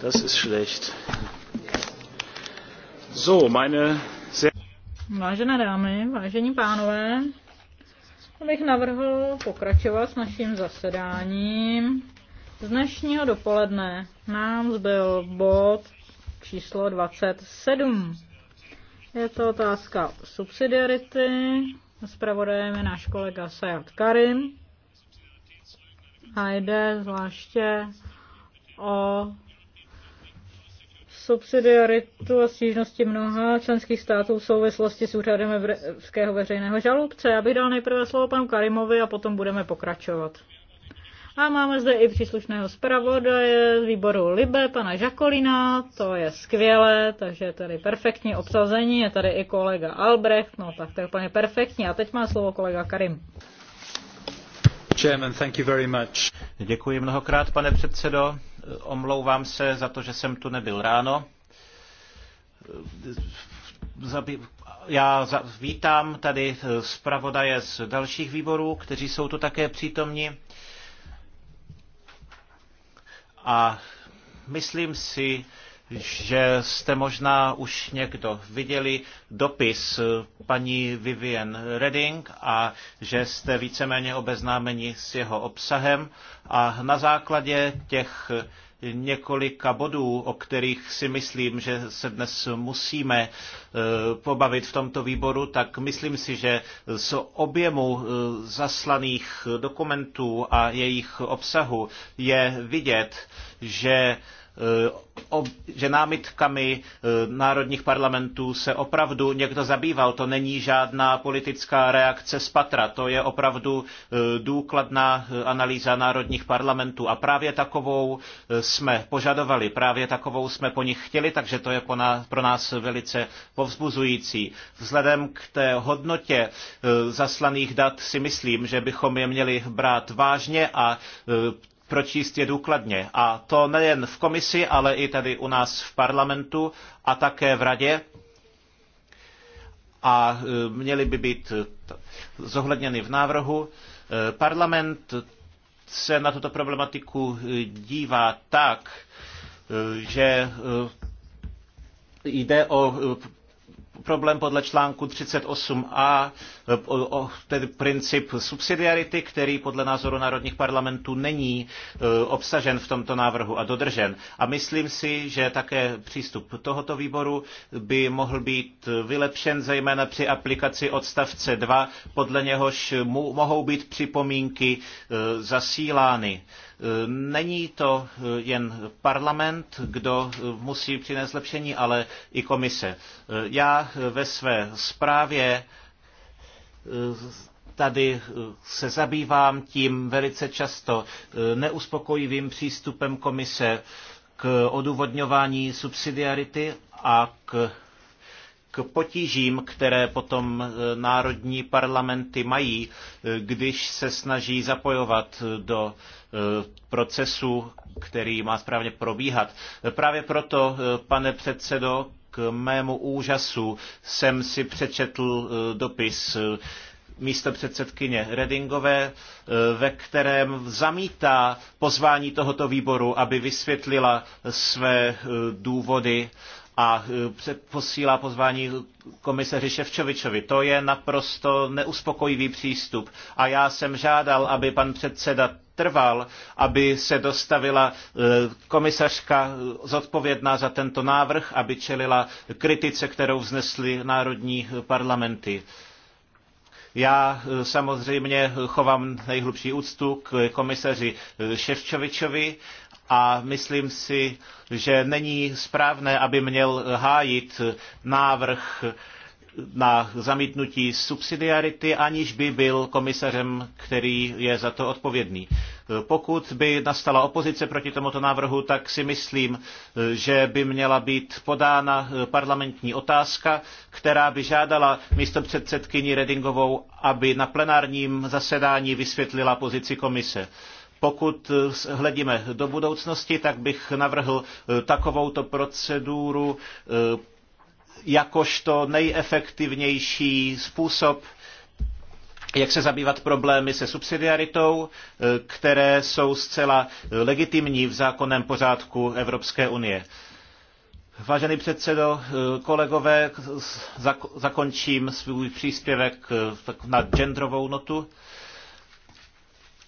Das ist schlecht. So, meine sehr... Vážené dámy, vážení pánové, bych navrhl pokračovat s naším zasedáním. Z dnešního dopoledne nám zbyl bod číslo 27. Je to otázka subsidiarity. Zpravodajem je náš kolega Sajat Karim. A jde zvláště o subsidiaritu a stížnosti mnoha členských států v souvislosti s úřadem Evropského veřejného žalobce. Já bych dal nejprve slovo panu Karimovi a potom budeme pokračovat. A máme zde i příslušného zpravodaje z výboru Libe, pana Žakolina, to je skvělé, takže je tady perfektní obsazení, je tady i kolega Albrecht, no tak to je úplně perfektní. A teď má slovo kolega Karim. Chairman, thank you very much. Děkuji mnohokrát, pane předsedo. Omlouvám se za to, že jsem tu nebyl ráno. Já vítám tady zpravodaje z dalších výborů, kteří jsou tu také přítomni. A myslím si, že jste možná už někdo viděli dopis paní Vivian Redding a že jste víceméně obeznámeni s jeho obsahem a na základě těch několika bodů, o kterých si myslím, že se dnes musíme eh, pobavit v tomto výboru, tak myslím si, že z objemu eh, zaslaných dokumentů a jejich obsahu je vidět, že Eh, že námitkami eh, národních parlamentů se opravdu někdo zabýval. To není žádná politická reakce z patra, to je opravdu eh, důkladná analýza národních parlamentů. A právě takovou jsme požadovali, právě takovou jsme po nich chtěli, takže to je pro nás velice povzbuzující. Vzhledem k té hodnotě zaslaných dat si myslím, že bychom je měli brát vážně a pročíst je důkladně. A to nejen v komisi, ale i tady u nás v parlamentu a také v radě. A e, měly by být zohledněny v návrhu. E, parlament se na tuto problematiku e, dívá tak, že jde o problém podle článku 38a, eh, tedy princip subsidiarity, který podle názoru národních parlamentů není eh, obsažen v tomto návrhu a dodržen. A myslím si, že také přístup tohoto výboru by mohl být eh, vylepšen zejména při aplikaci odstavce 2, podle něhož mohou být připomínky zasílány Není to jen parlament, kdo musí přinést zlepšení, ale i komise. Já ve své zprávě eh, tady eh, se zabývám tím velice často eh, neuspokojivým přístupem komise k odůvodňování subsidiarity a k k potížím, které potom e, národní parlamenty mají, e, když se snaží zapojovat do e, procesu, který má správně probíhat. Právě proto, pane předsedo, k mému úžasu jsem si přečetl dopis místo předsedkyně Redingové, ve kterém zamítá pozvání tohoto výboru, aby vysvětlila své důvody a e, posílá pozvání komiseři Ševčovičovi. To je naprosto neuspokojivý přístup. A já jsem žádal, aby pan předseda trval, aby se dostavila e, komisařka zodpovědná za tento návrh, aby čelila kritice, kterou vznesly národní parlamenty. Já e, samozřejmě chovám nejhlubší úctu k komisaři Ševčovičovi, a myslím si, že není správné, aby měl hájit návrh na zamítnutí subsidiarity, aniž by byl komisařem, který je za to odpovědný. Pokud by nastala opozice proti tomuto návrhu, tak si myslím, že by měla být podána parlamentní otázka, která by žádala místo předsedkyni Redingovou, aby na plenárním zasedání vysvětlila pozici komise. Pokud eh, hledíme do budoucnosti, tak bych navrhl eh, takovouto proceduru eh, jakožto nejefektivnější způsob, jak se zabývat problémy se subsidiaritou, které jsou zcela legitimní v zákonném pořádku Evropské unie. Vážený předsedo, kolegové, zakončím svůj příspěvek na genderovou notu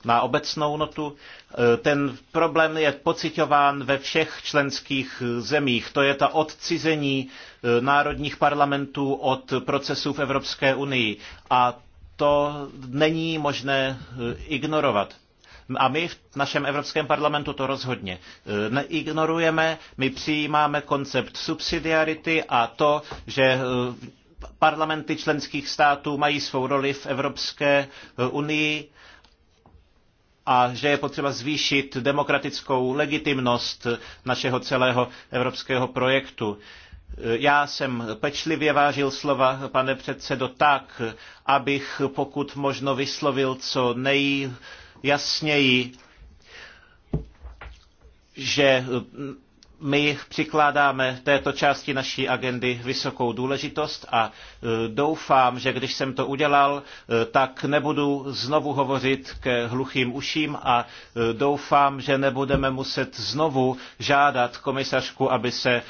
na obecnou notu. Eh, ten problém je pocitován ve všech členských zemích. To je ta odcizení eh, národních parlamentů od procesů v Evropské unii. A to není možné eh, ignorovat. A my v našem Evropském parlamentu to rozhodně neignorujeme. My přijímáme koncept subsidiarity a to, že parlamenty členských států mají svou roli v Evropské unii a že je potřeba zvýšit demokratickou legitimnost našeho celého evropského projektu. Já jsem pečlivě vážil slova, pane předsedo, tak, abych pokud možno vyslovil co nejjasněji, že my přikládáme této části naší agendy vysokou důležitost a e, doufám, že když jsem to udělal, e, tak nebudu znovu hovořit ke hluchým uším a e, doufám, že nebudeme muset znovu žádat komisařku, aby se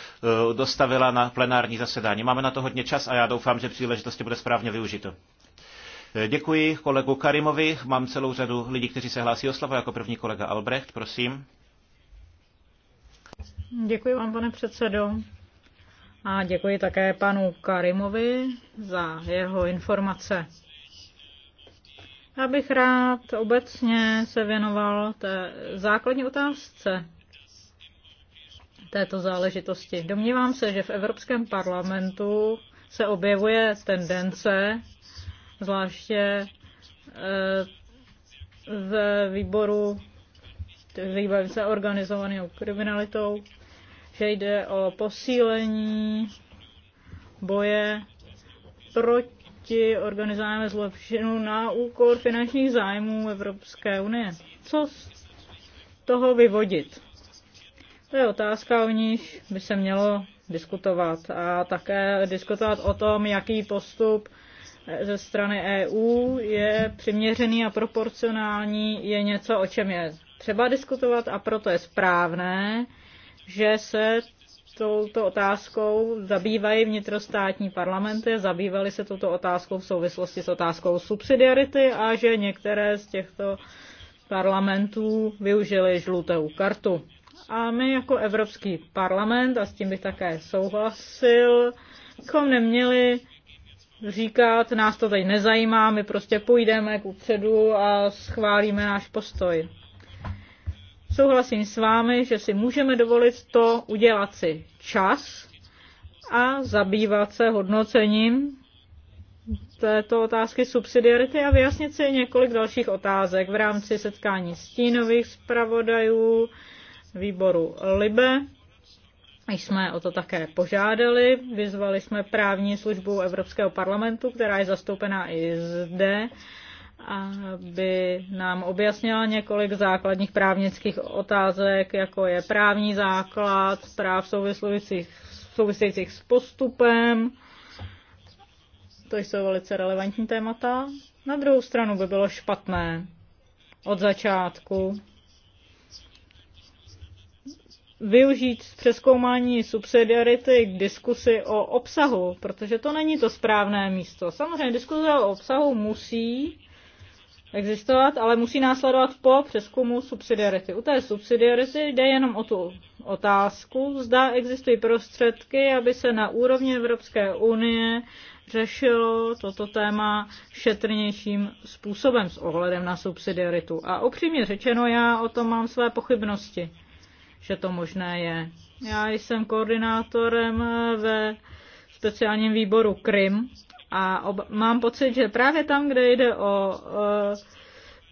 dostavila na plenární zasedání. Máme na to hodně čas a já doufám, že příležitosti bude správně využito. Děkuji kolegu Karimovi. Mám celou řadu lidí, kteří se hlásí o slovo. Jako první kolega Albrecht, prosím. Děkuji vám, pane předsedo. A děkuji také panu Karimovi za jeho informace. Já bych rád obecně se věnoval té základní otázce této záležitosti. Domnívám se, že v Evropském parlamentu se objevuje tendence, zvláště eh, ve výboru zabývají se organizovanou kriminalitou, že jde o posílení boje proti organizovanému zločinu na úkor finančních zájmů Evropské unie. Co z toho vyvodit? To je otázka, o níž by se mělo diskutovat a také diskutovat o tom, jaký postup ze strany EU je přiměřený a proporcionální, je něco, o čem je třeba diskutovat a proto je správné, že se touto otázkou zabývají vnitrostátní parlamenty, zabývali se touto otázkou v souvislosti s otázkou subsidiarity a že některé z těchto parlamentů využili žlutou kartu. A my jako Evropský parlament, a s tím bych také souhlasil, bychom neměli říkat, nás to tady nezajímá, my prostě půjdeme k upředu a schválíme náš postoj. Souhlasím s vámi, že si můžeme dovolit to udělat si čas a zabývat se hodnocením této otázky subsidiarity a vyjasnit si několik dalších otázek v rámci setkání stínových zpravodajů výboru LIBE. Jsme o to také požádali, vyzvali jsme právní službu Evropského parlamentu, která je zastoupená i zde, aby nám objasnila několik základních právnických otázek, jako je právní základ, práv souvisejících, souvisejících s postupem. To jsou velice relevantní témata. Na druhou stranu by bylo špatné od začátku využít přeskoumání subsidiarity k diskusi o obsahu, protože to není to správné místo. Samozřejmě diskuse o obsahu musí existovat, ale musí následovat po přeskumu subsidiarity. U té subsidiarity jde jenom o tu otázku, zda existují prostředky, aby se na úrovni Evropské unie řešilo toto téma šetrnějším způsobem s ohledem na subsidiaritu. A upřímně řečeno, já o tom mám své pochybnosti, že to možné je. Já jsem koordinátorem ve speciálním výboru Krym a ob- mám pocit, že právě tam, kde jde o e,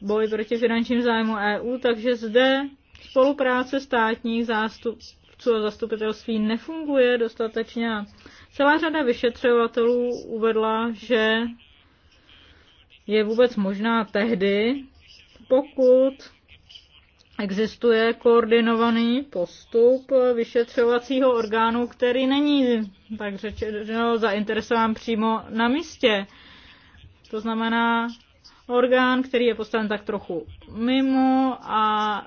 boj proti finančním zájmu EU, takže zde spolupráce státních zástupců a zastupitelství nefunguje dostatečně. Celá řada vyšetřovatelů uvedla, že je vůbec možná tehdy, pokud existuje koordinovaný postup vyšetřovacího orgánu, který není, tak řečeno, zainteresován přímo na místě. To znamená orgán, který je postaven tak trochu mimo a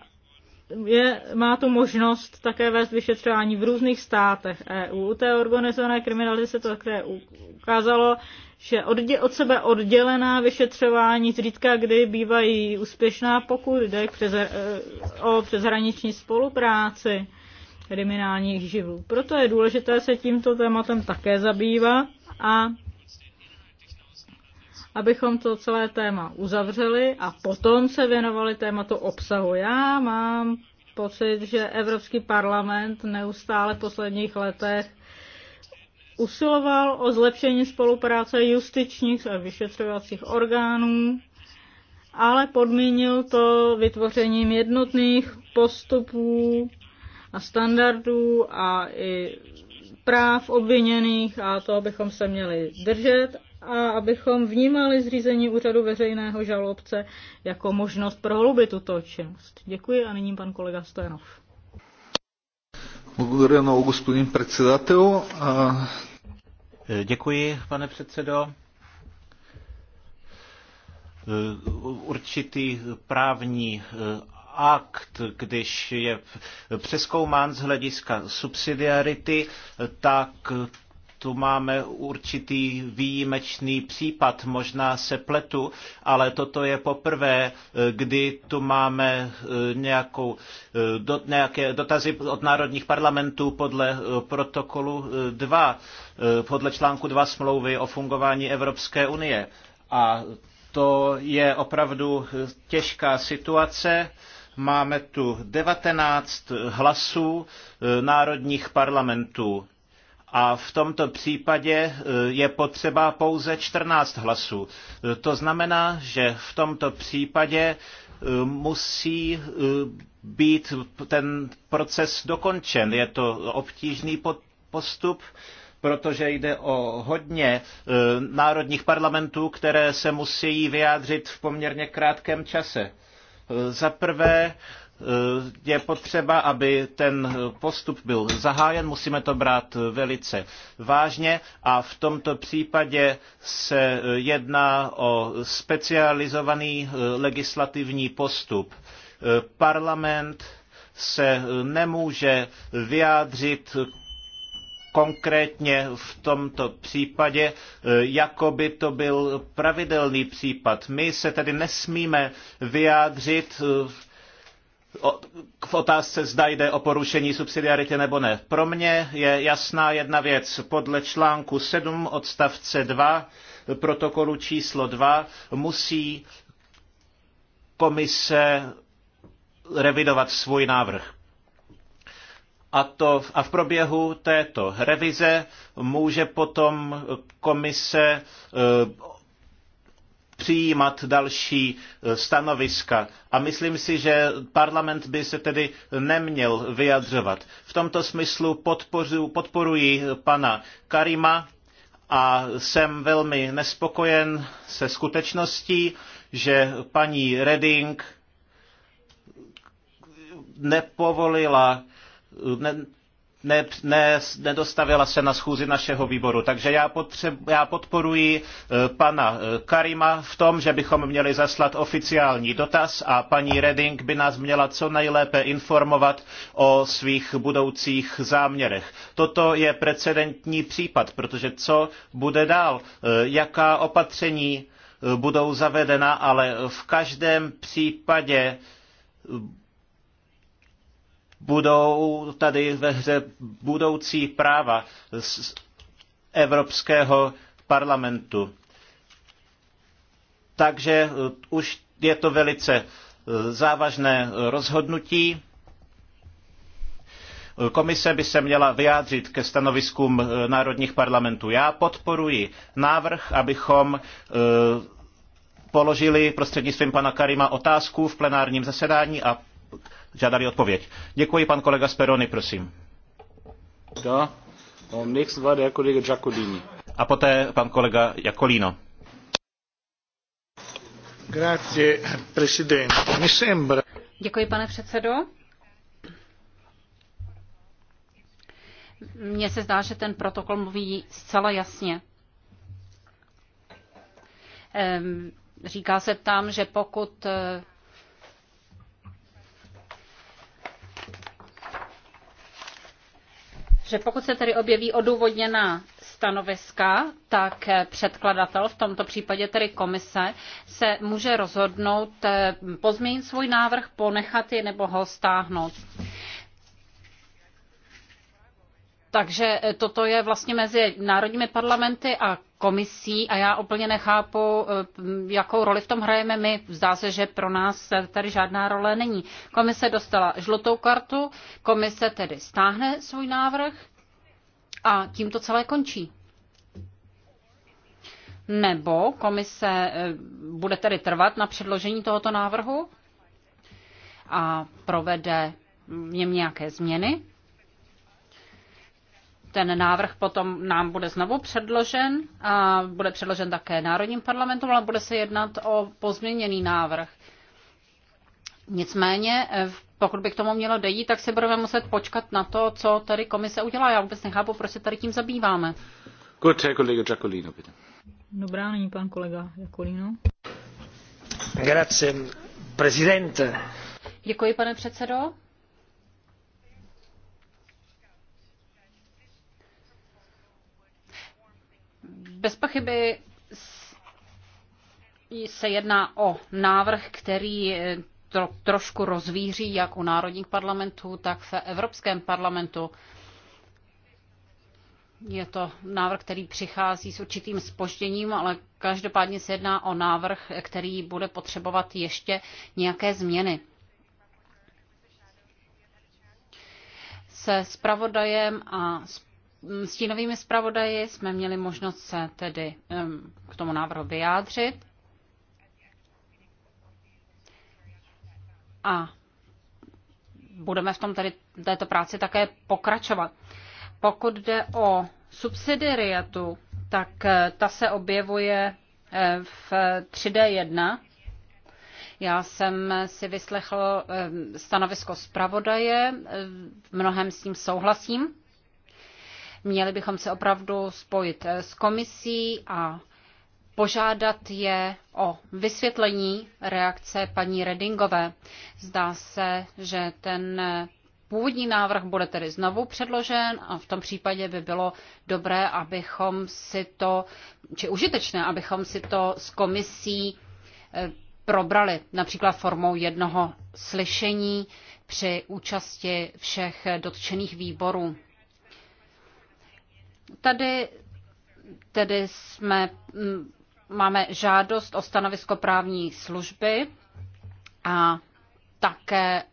je, má tu možnost také vést vyšetřování v různých státech EU. U té organizované kriminality se to také ukázalo, že odděl, od sebe oddělená vyšetřování zřídka kdy bývají úspěšná, pokud jde přes, eh, o přeshraniční spolupráci kriminálních živlů. Proto je důležité se tímto tématem také zabývat a abychom to celé téma uzavřeli a potom se věnovali tématu obsahu. Já mám pocit, že Evropský parlament neustále v posledních letech usiloval o zlepšení spolupráce justičních a vyšetřovacích orgánů, ale podmínil to vytvořením jednotných postupů a standardů a i práv obviněných a to, abychom se měli držet a abychom vnímali zřízení úřadu veřejného žalobce jako možnost prohloubit tuto činnost. Děkuji a nyní pan kolega Stojanov. Благодаря много, господин председател. Děkuji, pane předsedo. Eh, určitý právní eh, akt, když je přeskoumán z hlediska subsidiarity, tak tu máme určitý výjimečný případ, možná se pletu, ale toto je poprvé, eh, kdy tu máme eh, nějakou, eh, do, nějaké dotazy od národních parlamentů podle protokolu 2, podle článku 2 smlouvy o fungování Evropské unie. A to je opravdu těžká situace. Máme tu 19 hlasů národních parlamentů a v tomto případě e, je potřeba pouze 14 hlasů. E, to znamená, že v tomto případě e, musí být ten proces dokončen. Je to obtížný postup, protože jde o hodně národních parlamentů, které se musí vyjádřit v poměrně krátkém čase. Za prvé Eh, je potřeba, aby ten postup byl zahájen, musíme to brát velice vážně a v tomto případě se jedná o specializovaný eh, legislativní postup. Eh, parlament se nemůže vyjádřit konkrétně v tomto případě, jako by to byl pravidelný případ. My se tedy nesmíme vyjádřit v otázce, zda jde o porušení subsidiarity nebo ne. Pro mě je jasná jedna věc. Podle článku 7 odstavce 2 protokolu číslo 2 musí komise revidovat svůj návrh. A, to, a v proběhu této revize může potom komise e, přijímat další eh, stanoviska. A myslím si, že parlament by se tedy neměl vyjadřovat. V tomto smyslu podporu, podporuji pana Karima a jsem velmi nespokojen se skutečností, že paní Reding nepovolila ne, ne, ne, nedostavila se na schůzi našeho výboru. Takže já, já podporuji eh, pana eh, Karima v tom, že bychom měli zaslat oficiální dotaz a paní Reding by nás měla co nejlépe informovat o svých budoucích záměrech. Toto je precedentní případ, protože co bude dál? Eh, jaká opatření budou zavedena, ale v každém případě budou tady ve hře budoucí práva z Evropského parlamentu. Takže e, už je to velice e, závažné rozhodnutí. E, komise by se měla vyjádřit ke stanoviskům národních parlamentů. Já podporuji návrh, abychom položili prostřednictvím pana Karima otázku v plenárním zasedání a žádali odpověď. Děkuji, pan kolega Speroni, prosím. Da. No, am nächsten war der Kollege Giacolini. A poté pan kolega Jacolino. Grazie, presidente. Mi sembra... Děkuji, pane předsedo. Mně se zdá, že ten protokol mluví zcela jasně. Ehm, říká se tam, že pokud eh, že pokud se tedy objeví odůvodněná stanoviska, tak eh, předkladatel, v tomto případě tedy komise, se může rozhodnout eh, pozměnit svůj návrh, ponechat je nebo ho stáhnout. Takže e, toto je vlastně mezi národními parlamenty a komisí a já úplně nechápu, e, jakou roli v tom hrajeme my. Zdá se, že pro nás tady žádná role není. Komise dostala žlutou kartu, komise tedy stáhne svůj návrh a tím to celé končí. Nebo komise e, bude tedy trvat na předložení tohoto návrhu a provede v něm nějaké změny ten návrh potom nám bude znovu předložen a bude předložen také Národním parlamentům, ale bude se jednat o pozměněný návrh. Nicméně, eh, pokud by k tomu mělo dejít, tak si budeme muset počkat na to, co tady komise udělá. Já vůbec nechápu, proč se tady tím zabýváme. Dobrá, není pan kolega Jacolino. Grazie, prezidente. Děkuji, pane předsedo. Bez pochyby se jedná o návrh, který eh, tro, trošku rozvíří jak u národních parlamentů, tak v Evropském parlamentu. Je to návrh, který přichází s určitým spožděním, ale každopádně se jedná o návrh, který bude potřebovat ještě nějaké změny. Se zpravodajem a s Mm, stínovými zpravodaji jsme měli možnost se tedy k tomu návrhu vyjádřit. A budeme v tom tedy této práci také pokračovat. Pokud jde o subsidiariatu, tak eh, ta se objevuje eh, v 3D1. Já jsem si vyslechl stanovisko zpravodaje, eh, v mnohem s ním souhlasím. Měli bychom se opravdu spojit eh, s komisí a požádat je o vysvětlení reakce paní Redingové. Zdá se, že ten eh, původní návrh bude tedy znovu předložen a v tom případě by bylo dobré, abychom si to, či užitečné, abychom si to s komisí eh, probrali, například formou jednoho slyšení při účasti všech dotčených výborů. Tady tedy jsme, mm, máme žádost o stanovisko právní služby a také e,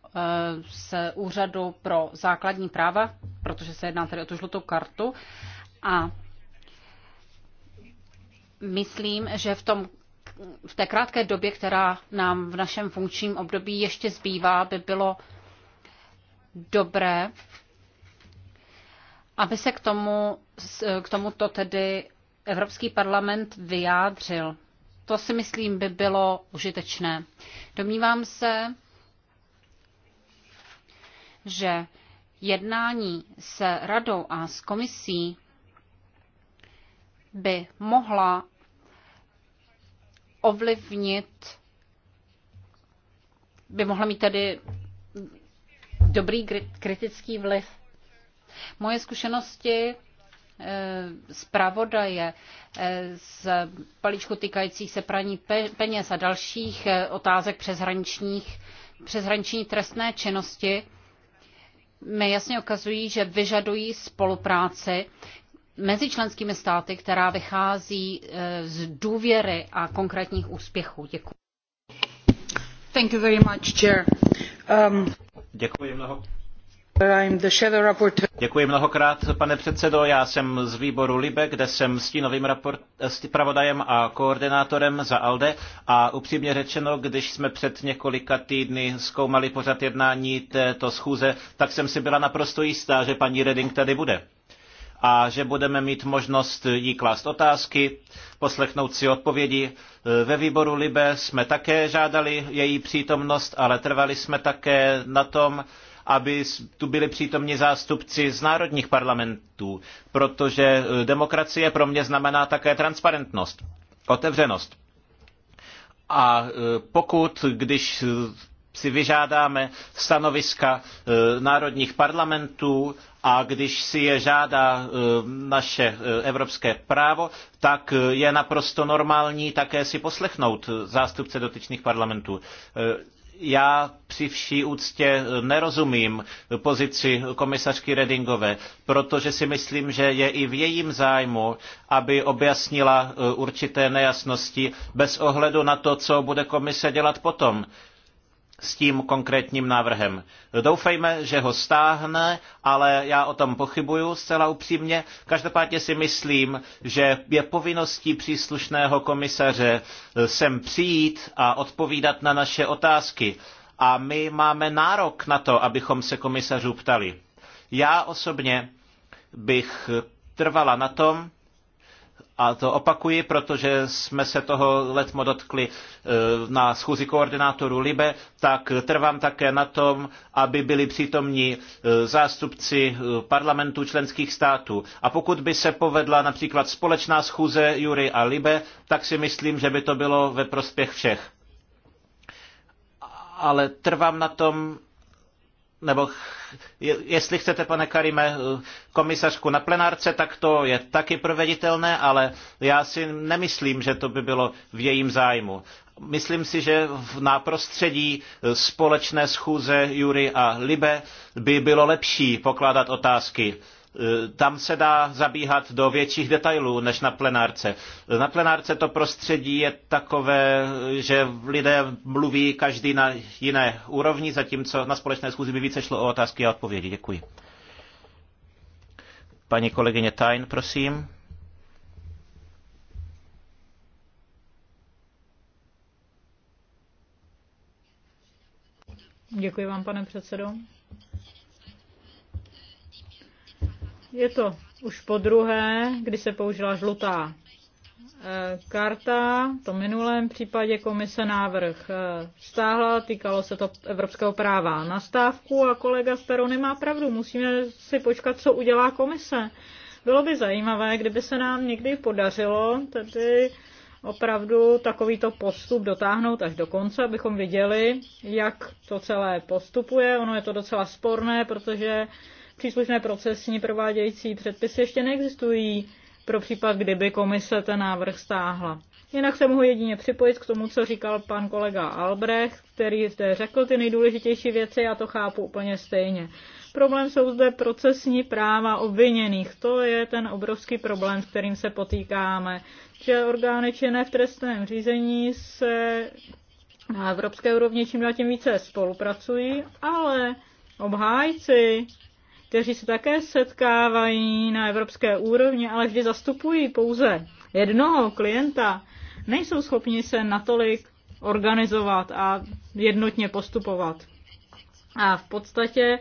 z Úřadu pro základní práva, protože se jedná tedy o tu žlutou kartu. A myslím, že v, tom, v té krátké době, která nám v našem funkčním období ještě zbývá, by bylo dobré, aby se k tomu Eh, k tomuto tedy Evropský parlament vyjádřil. To si myslím by bylo užitečné. Domnívám se, že jednání se radou a s komisí by mohla ovlivnit, by mohla mít tedy dobrý kritický vliv. Moje zkušenosti Eh, zpravodaje eh, z paličku týkajících se praní peněz a dalších eh, otázek přeshraničních, přeshraniční trestné činnosti mi jasně ukazují, že vyžadují spolupráci mezi členskými státy, která vychází z důvěry a konkrétních úspěchů. Děkuji. Thank you very much, Chair. Um, Děkuji mnoho. I'm the shadow Děkuji mnohokrát, pane předsedo. Já jsem z výboru LIBE, kde jsem stínovým zpravodajem pravodajem a koordinátorem za ALDE a upřímně řečeno, když jsme před několika týdny zkoumali pořad jednání této schůze, tak jsem si byla naprosto jistá, že paní Reding tady bude a že budeme mít možnost jí klást otázky, poslechnout si odpovědi. Ve výboru Libe jsme také žádali její přítomnost, ale trvali jsme také na tom, aby tu byli přítomni zástupci z národních parlamentů, protože eh, demokracie pro mě znamená také transparentnost, otevřenost. A eh, pokud, když eh, si vyžádáme stanoviska národních parlamentů a když si je žádá naše evropské právo, tak je naprosto normální také si poslechnout zástupce dotyčných parlamentů já při vší úctě eh, nerozumím pozici komisařky Redingové, protože si myslím, že je i v jejím zájmu, aby objasnila eh, určité nejasnosti bez ohledu na to, co bude komise dělat potom s tím konkrétním návrhem. Doufejme, že ho stáhne, ale já o tom pochybuju zcela upřímně. Každopádně si myslím, že je povinností příslušného komisaře eh, sem přijít a odpovídat na naše otázky. A my máme nárok na to, abychom se komisařů ptali. Já osobně bych trvala na tom, a to opakuji, protože jsme se toho letmo dotkli e, na schůzi koordinátorů LIBE, tak trvám také na tom, aby byli přítomní e, zástupci e, parlamentů členských států. A pokud by se povedla například společná schůze Jury a LIBE, tak si myslím, že by to bylo ve prospěch všech. Ale trvám na tom, nebo jestli chcete, pane Karime, eh, komisařku na plenárce, tak to je taky proveditelné, ale já si nemyslím, že to by bylo v jejím zájmu. Myslím si, že na prostředí eh, společné schůze Jury a Libe by bylo lepší pokládat otázky Eh, tam se dá zabíhat do větších detailů než na plenárce. Na plenárce to prostředí je takové, že lidé mluví každý na jiné úrovni, zatímco na společné schůzi by více šlo o otázky a odpovědi. Děkuji. Paní kolegyně Tajn, prosím. Děkuji vám, pane předsedo. Je to už po druhé, kdy se použila žlutá eh, karta. To minulém případě komise návrh eh, stáhla, týkalo se to evropského práva na stávku a kolega Staro nemá pravdu. Musíme si počkat, co udělá komise. Bylo by zajímavé, kdyby se nám někdy podařilo tedy opravdu takovýto postup dotáhnout až do konce, abychom viděli, jak to celé postupuje. Ono je to docela sporné, protože příslušné procesní provádějící předpisy ještě neexistují pro případ, kdyby komise ten návrh stáhla. Jinak se mohu jedině připojit k tomu, co říkal pan kolega Albrecht, který zde řekl ty nejdůležitější věci, já to chápu úplně stejně. Problém jsou zde procesní práva obviněných. To je ten obrovský problém, s kterým se potýkáme. Že orgány činné v trestném řízení se na evropské úrovni čím dál tím více spolupracují, ale obhájci kteří se také setkávají na evropské úrovni, ale vždy zastupují pouze jednoho klienta, nejsou schopni se natolik organizovat a jednotně postupovat. A v podstatě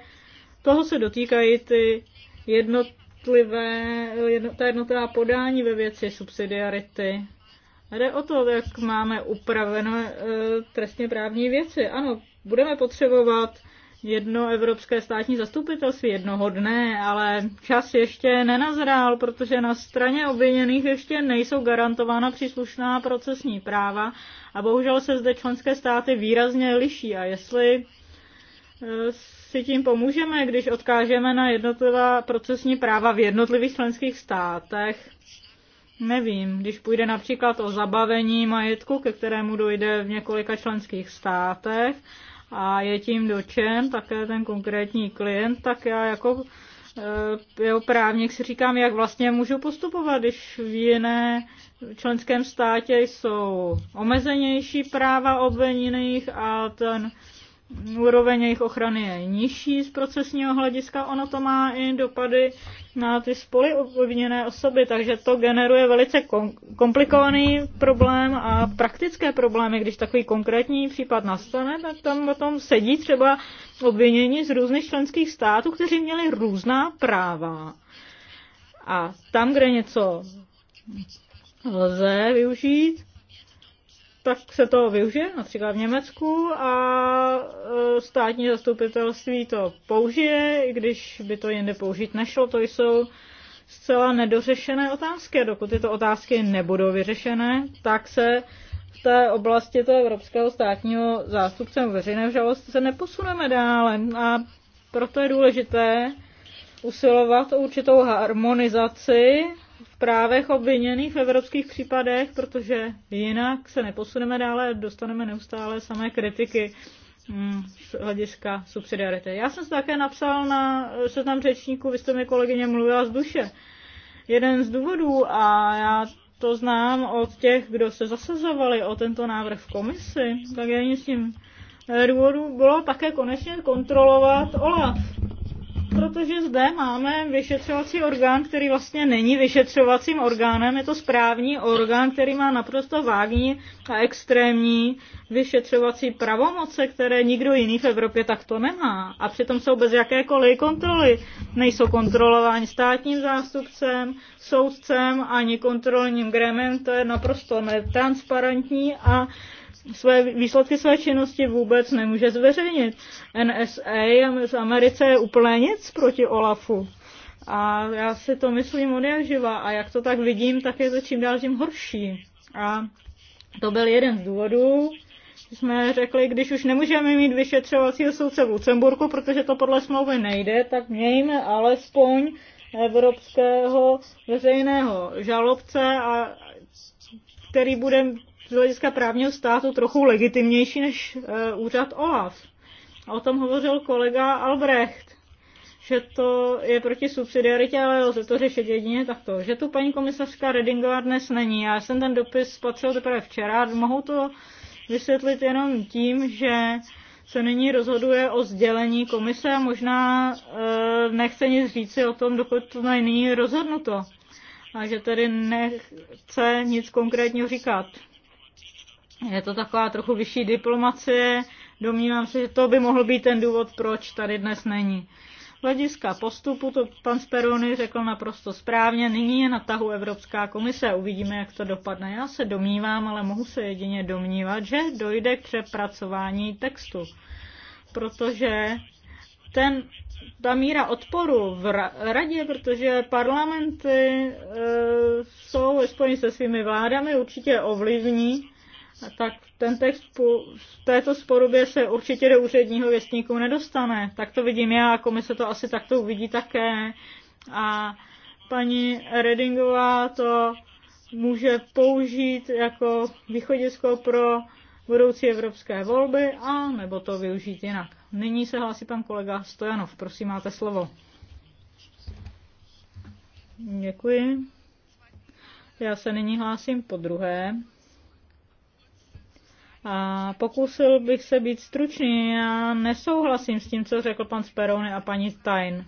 toho se dotýkají ty jednotlivé, jedno, ta jednotlivá podání ve věci subsidiarity. Jde o to, jak máme upravené e, trestně právní věci. Ano, budeme potřebovat jedno evropské státní zastupitelství jednoho dne, ale čas ještě nenazrál, protože na straně obviněných ještě nejsou garantována příslušná procesní práva a bohužel se zde členské státy výrazně liší a jestli e, si tím pomůžeme, když odkážeme na jednotlivá procesní práva v jednotlivých členských státech, Nevím, když půjde například o zabavení majetku, ke kterému dojde v několika členských státech, a je tím dočen také ten konkrétní klient, tak já jako eh, jeho právník si říkám, jak vlastně můžu postupovat, když v jiné členském státě jsou omezenější práva obviněných a ten úroveň jejich ochrany je nižší z procesního hlediska, ono to má i dopady na ty obviněné osoby, takže to generuje velice komplikovaný problém a praktické problémy. Když takový konkrétní případ nastane, tak tam potom sedí třeba obvinění z různých členských států, kteří měli různá práva. A tam, kde něco lze využít, tak se to využije, například v Německu, a e, státní zastupitelství to použije, i když by to jinde použít nešlo. To jsou zcela nedořešené otázky. A dokud tyto otázky nebudou vyřešené, tak se v té oblasti toho evropského státního zástupce veřejného žalosti se neposuneme dále. A proto je důležité usilovat o určitou harmonizaci právech obviněných v evropských případech, protože jinak se neposuneme dále, dostaneme neustále samé kritiky mm, z hlediska subsidiarity. Já jsem se také napsal na seznam řečníků, vy jste mi kolegyně mluvila z duše. Jeden z důvodů, a já to znám od těch, kdo se zasazovali o tento návrh v komisi, tak já s tím eh, důvodu bylo také konečně kontrolovat OLAF protože zde máme vyšetřovací orgán, který vlastně není vyšetřovacím orgánem, je to správní orgán, který má naprosto vágní a extrémní vyšetřovací pravomoce, které nikdo jiný v Evropě takto nemá. A přitom jsou bez jakékoliv kontroly. Nejsou kontrolováni státním zástupcem, soudcem ani kontrolním gremem, to je naprosto netransparentní a své výsledky své činnosti vůbec nemůže zveřejnit. NSA z Americe je úplně nic proti Olafu. A já si to myslím od jak živa. A jak to tak vidím, tak je to čím dál tím horší. A to byl jeden z důvodů, že jsme řekli, když už nemůžeme mít vyšetřovacího soudce v Lucemburku, protože to podle smlouvy nejde, tak mějme alespoň evropského veřejného žalobce, a který bude z hlediska právního státu trochu legitimnější než eh, úřad OLAF. A o tom hovořil kolega Albrecht, že to je proti subsidiaritě, ale lze to řešit jedině takto. Že tu paní komisařka Redingová dnes není. Já jsem ten dopis spatřil teprve včera. Mohu to vysvětlit jenom tím, že se nyní rozhoduje o sdělení komise a možná e, nechce nic říci o tom, dokud to není rozhodnuto. A že tedy nechce nic konkrétního říkat. Je to taková trochu vyšší diplomacie. Domnívám se, že to by mohl být ten důvod, proč tady dnes není. Hlediska postupu to pan Speroni řekl naprosto správně. Nyní je na tahu Evropská komise. Uvidíme, jak to dopadne. Já se domnívám, ale mohu se jedině domnívat, že dojde k přepracování textu. Protože ten, ta míra odporu v radě, protože parlamenty e, jsou, aspoň se svými vládami, určitě ovlivní tak ten text v této sporubě se určitě do úředního věstníku nedostane. Tak to vidím já, komise to asi takto uvidí také. A paní Redingová to může použít jako východisko pro budoucí evropské volby a nebo to využít jinak. Nyní se hlásí pan kolega Stojanov. Prosím, máte slovo. Děkuji. Já se nyní hlásím po druhé a pokusil bych se být stručný. Já nesouhlasím s tím, co řekl pan Sperony a paní Stein.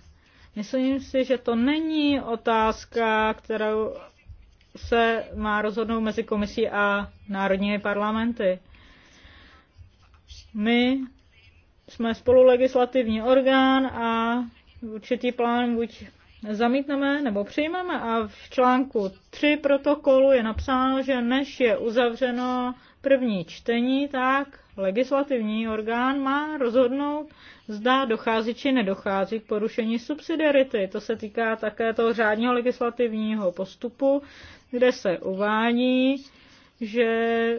Myslím si, že to není otázka, kterou se má rozhodnout mezi komisí a národními parlamenty. My jsme spolulegislativní orgán a určitý plán buď zamítneme nebo přijmeme a v článku 3 protokolu je napsáno, že než je uzavřeno první čtení, tak legislativní orgán má rozhodnout, zda dochází či nedochází k porušení subsidiarity. To se týká také toho řádního legislativního postupu, kde se uvádí, že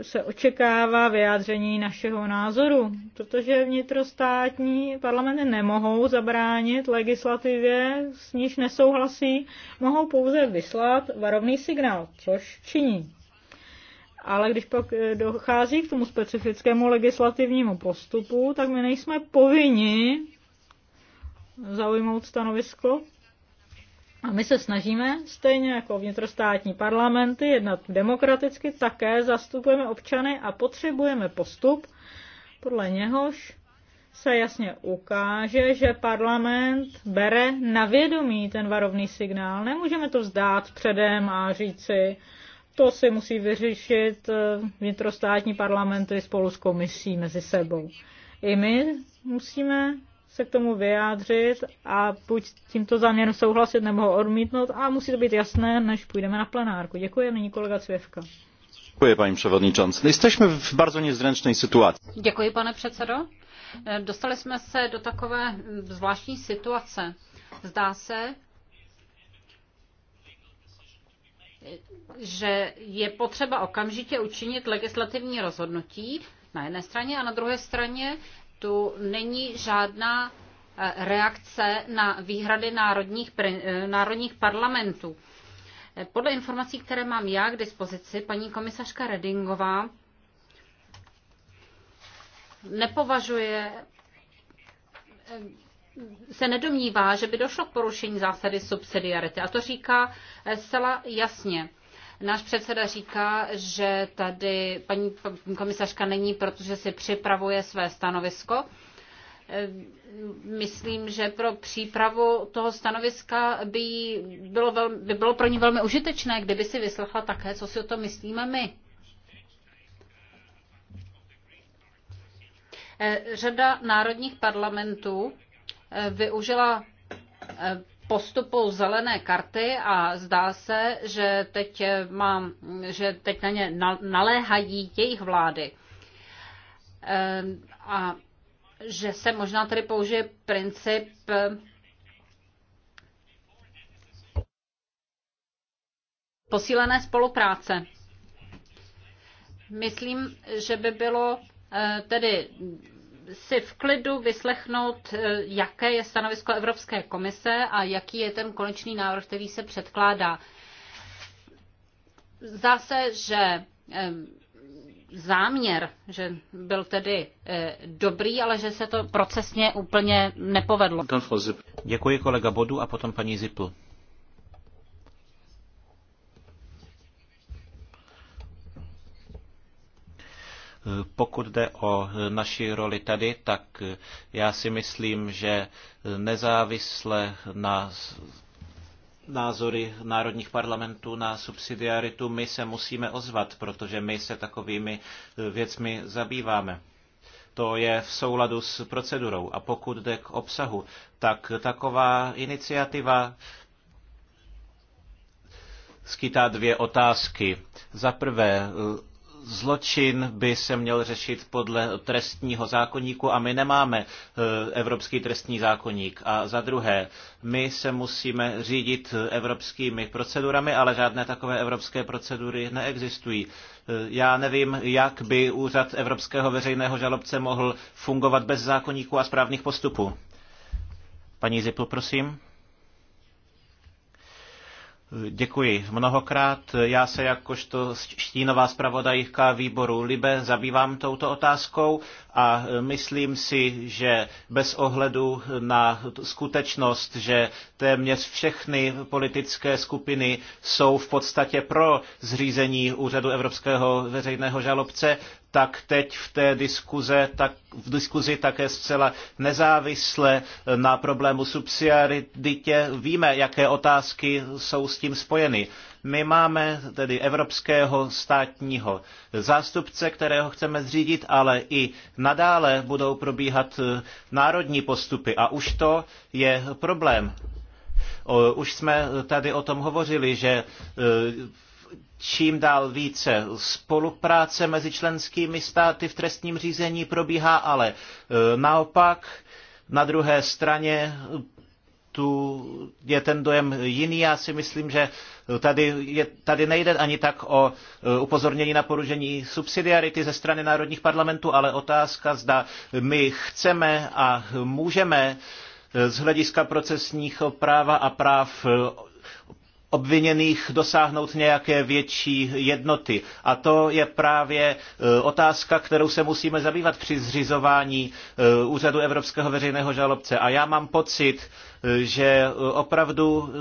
se očekává vyjádření našeho názoru, protože vnitrostátní parlamenty nemohou zabránit legislativě, s níž nesouhlasí, mohou pouze vyslat varovný signál, což činí. Ale když pak eh, dochází k tomu specifickému legislativnímu postupu, tak my nejsme povinni zaujmout stanovisko. A my se snažíme, stejně jako vnitrostátní parlamenty, jednat demokraticky, také zastupujeme občany a potřebujeme postup, podle něhož se jasně ukáže, že parlament bere na vědomí ten varovný signál. Nemůžeme to vzdát předem a říci, to si musí vyřešit eh, vnitrostátní parlamenty spolu s komisí mezi sebou. I my musíme se k tomu vyjádřit a buď tímto záměrem souhlasit nebo ho odmítnout a musí to být jasné, než půjdeme na plenárku. Děkuji, nyní kolega Cvěvka. Děkuji, paní předsedající. Jsme v bardzo niezręcznej situaci. Děkuji, pane předsedo. Eh, dostali jsme se do takové zvláštní situace. Zdá se, že je potřeba okamžitě učinit legislativní rozhodnutí na jedné straně a na druhé straně tu není žádná eh, reakce na výhrady národních, eh, národních parlamentů. Eh, podle informací, které mám já k dispozici, paní komisařka Redingová nepovažuje se nedomnívá, že by došlo k porušení zásady subsidiarity. A to říká eh, zcela jasně. Náš předseda říká, že tady paní komisařka není, protože si připravuje své stanovisko. Eh, myslím, že pro přípravu toho stanoviska by bylo, velmi, by bylo pro ní velmi užitečné, kdyby si vyslechla také, co si o to myslíme my. Eh, řada národních parlamentů využila eh, postupu zelené karty a zdá se, že teď, eh, mám, že teď na ně naléhají jejich vlády. Eh, a že se možná tady použije princip posílené spolupráce. Myslím, že by bylo tedy si v klidu vyslechnout, eh, jaké je stanovisko Evropské komise a jaký je ten konečný návrh, který se předkládá. Zdá se, že eh, záměr, že byl tedy eh, dobrý, ale že se to procesně úplně nepovedlo. Děkuji kolega Bodu a potom paní Zipl. Pokud jde o naši roli tady, tak já si myslím, že nezávisle na názory národních parlamentů na subsidiaritu, my se musíme ozvat, protože my se takovými eh, věcmi zabýváme. To je v souladu s procedurou. A pokud jde k obsahu, tak taková iniciativa skýtá dvě otázky. Za prvé, eh, zločin by se měl řešit podle trestního zákoníku a my nemáme eh, evropský trestní zákoník. A za druhé, my se musíme řídit evropskými procedurami, ale žádné takové evropské procedury neexistují. Eh, já nevím, jak by úřad evropského veřejného žalobce mohl fungovat bez zákoníku a správných postupů. Paní Zipl, prosím. Děkuji mnohokrát. Já se jakožto štínová zpravodajka výboru Libe zabývám touto otázkou a myslím si, že bez ohledu na skutečnost, že téměř všechny politické skupiny jsou v podstatě pro zřízení úřadu Evropského veřejného žalobce, tak teď v té diskuze, tak v diskuzi také zcela nezávisle na problému subsidiaritě víme, jaké otázky jsou s tím spojeny. My máme tedy evropského státního zástupce, kterého chceme zřídit, ale i nadále budou probíhat národní postupy a už to je problém. Už jsme tady o tom hovořili, že e, čím dál více. Spolupráce mezi členskými státy v trestním řízení probíhá ale e, naopak. Na druhé straně tu je ten dojem jiný. Já si myslím, že tady, je, tady nejde ani tak o e, upozornění na porušení subsidiarity ze strany národních parlamentů, ale otázka, zda my chceme a můžeme e, z hlediska procesních práva a práv obviněných dosáhnout nějaké větší jednoty. A to je právě e, otázka, kterou se musíme zabývat při zřizování e, úřadu Evropského veřejného žalobce. A já mám pocit, e, že opravdu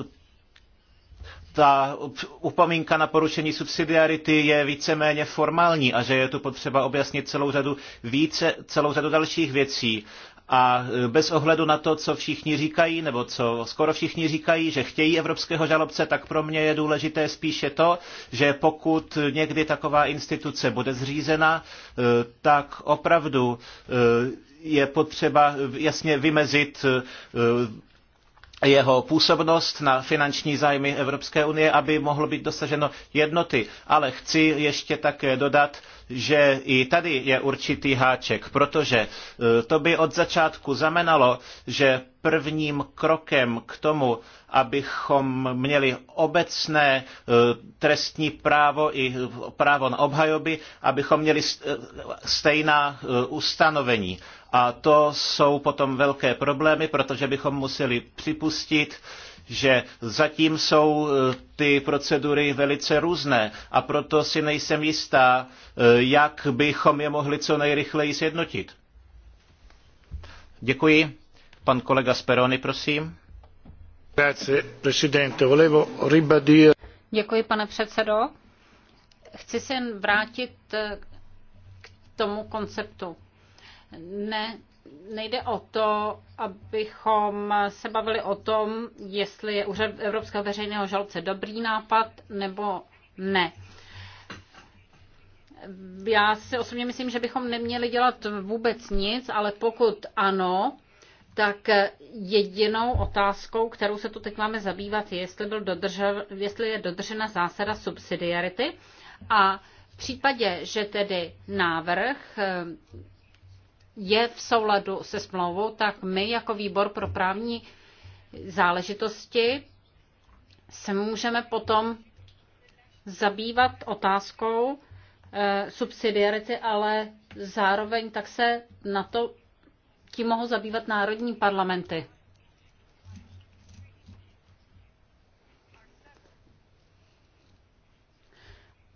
ta upomínka na porušení subsidiarity je víceméně formální a že je tu potřeba objasnit celou řadu, více, celou řadu dalších věcí a e, bez ohledu na to, co všichni říkají, nebo co skoro všichni říkají, že chtějí evropského žalobce, tak pro mě je důležité spíše to, že pokud někdy taková instituce bude zřízena, e, tak opravdu e, je potřeba jasně vymezit jeho působnost na finanční zájmy Evropské unie, aby mohlo být dosaženo jednoty. Ale chci ještě také dodat, že i tady je určitý háček, protože e, to by od začátku znamenalo, že prvním krokem k tomu, abychom měli obecné e, trestní právo i právo na obhajoby, abychom měli e, stejná ustanovení. A to jsou potom velké problémy, protože bychom museli připustit, že zatím jsou e, ty procedury velice různé a proto si nejsem jistá, e, jak bychom je mohli co nejrychleji sjednotit. Děkuji. Pan kolega Speroni, prosím. Děkuji, pane předsedo. Chci se vrátit e, k tomu konceptu ne, nejde o to, abychom se bavili o tom, jestli je úřad Evropského veřejného žalce dobrý nápad nebo ne. Já si osobně myslím, že bychom neměli dělat vůbec nic, ale pokud ano, tak jedinou otázkou, kterou se tu teď máme zabývat, je, jestli, byl dodržel, jestli je dodržena zásada subsidiarity a v případě, že tedy návrh je v souladu se smlouvou, tak my jako výbor pro právní záležitosti se můžeme potom zabývat otázkou e, subsidiarity, ale zároveň tak se na to tím mohou zabývat národní parlamenty.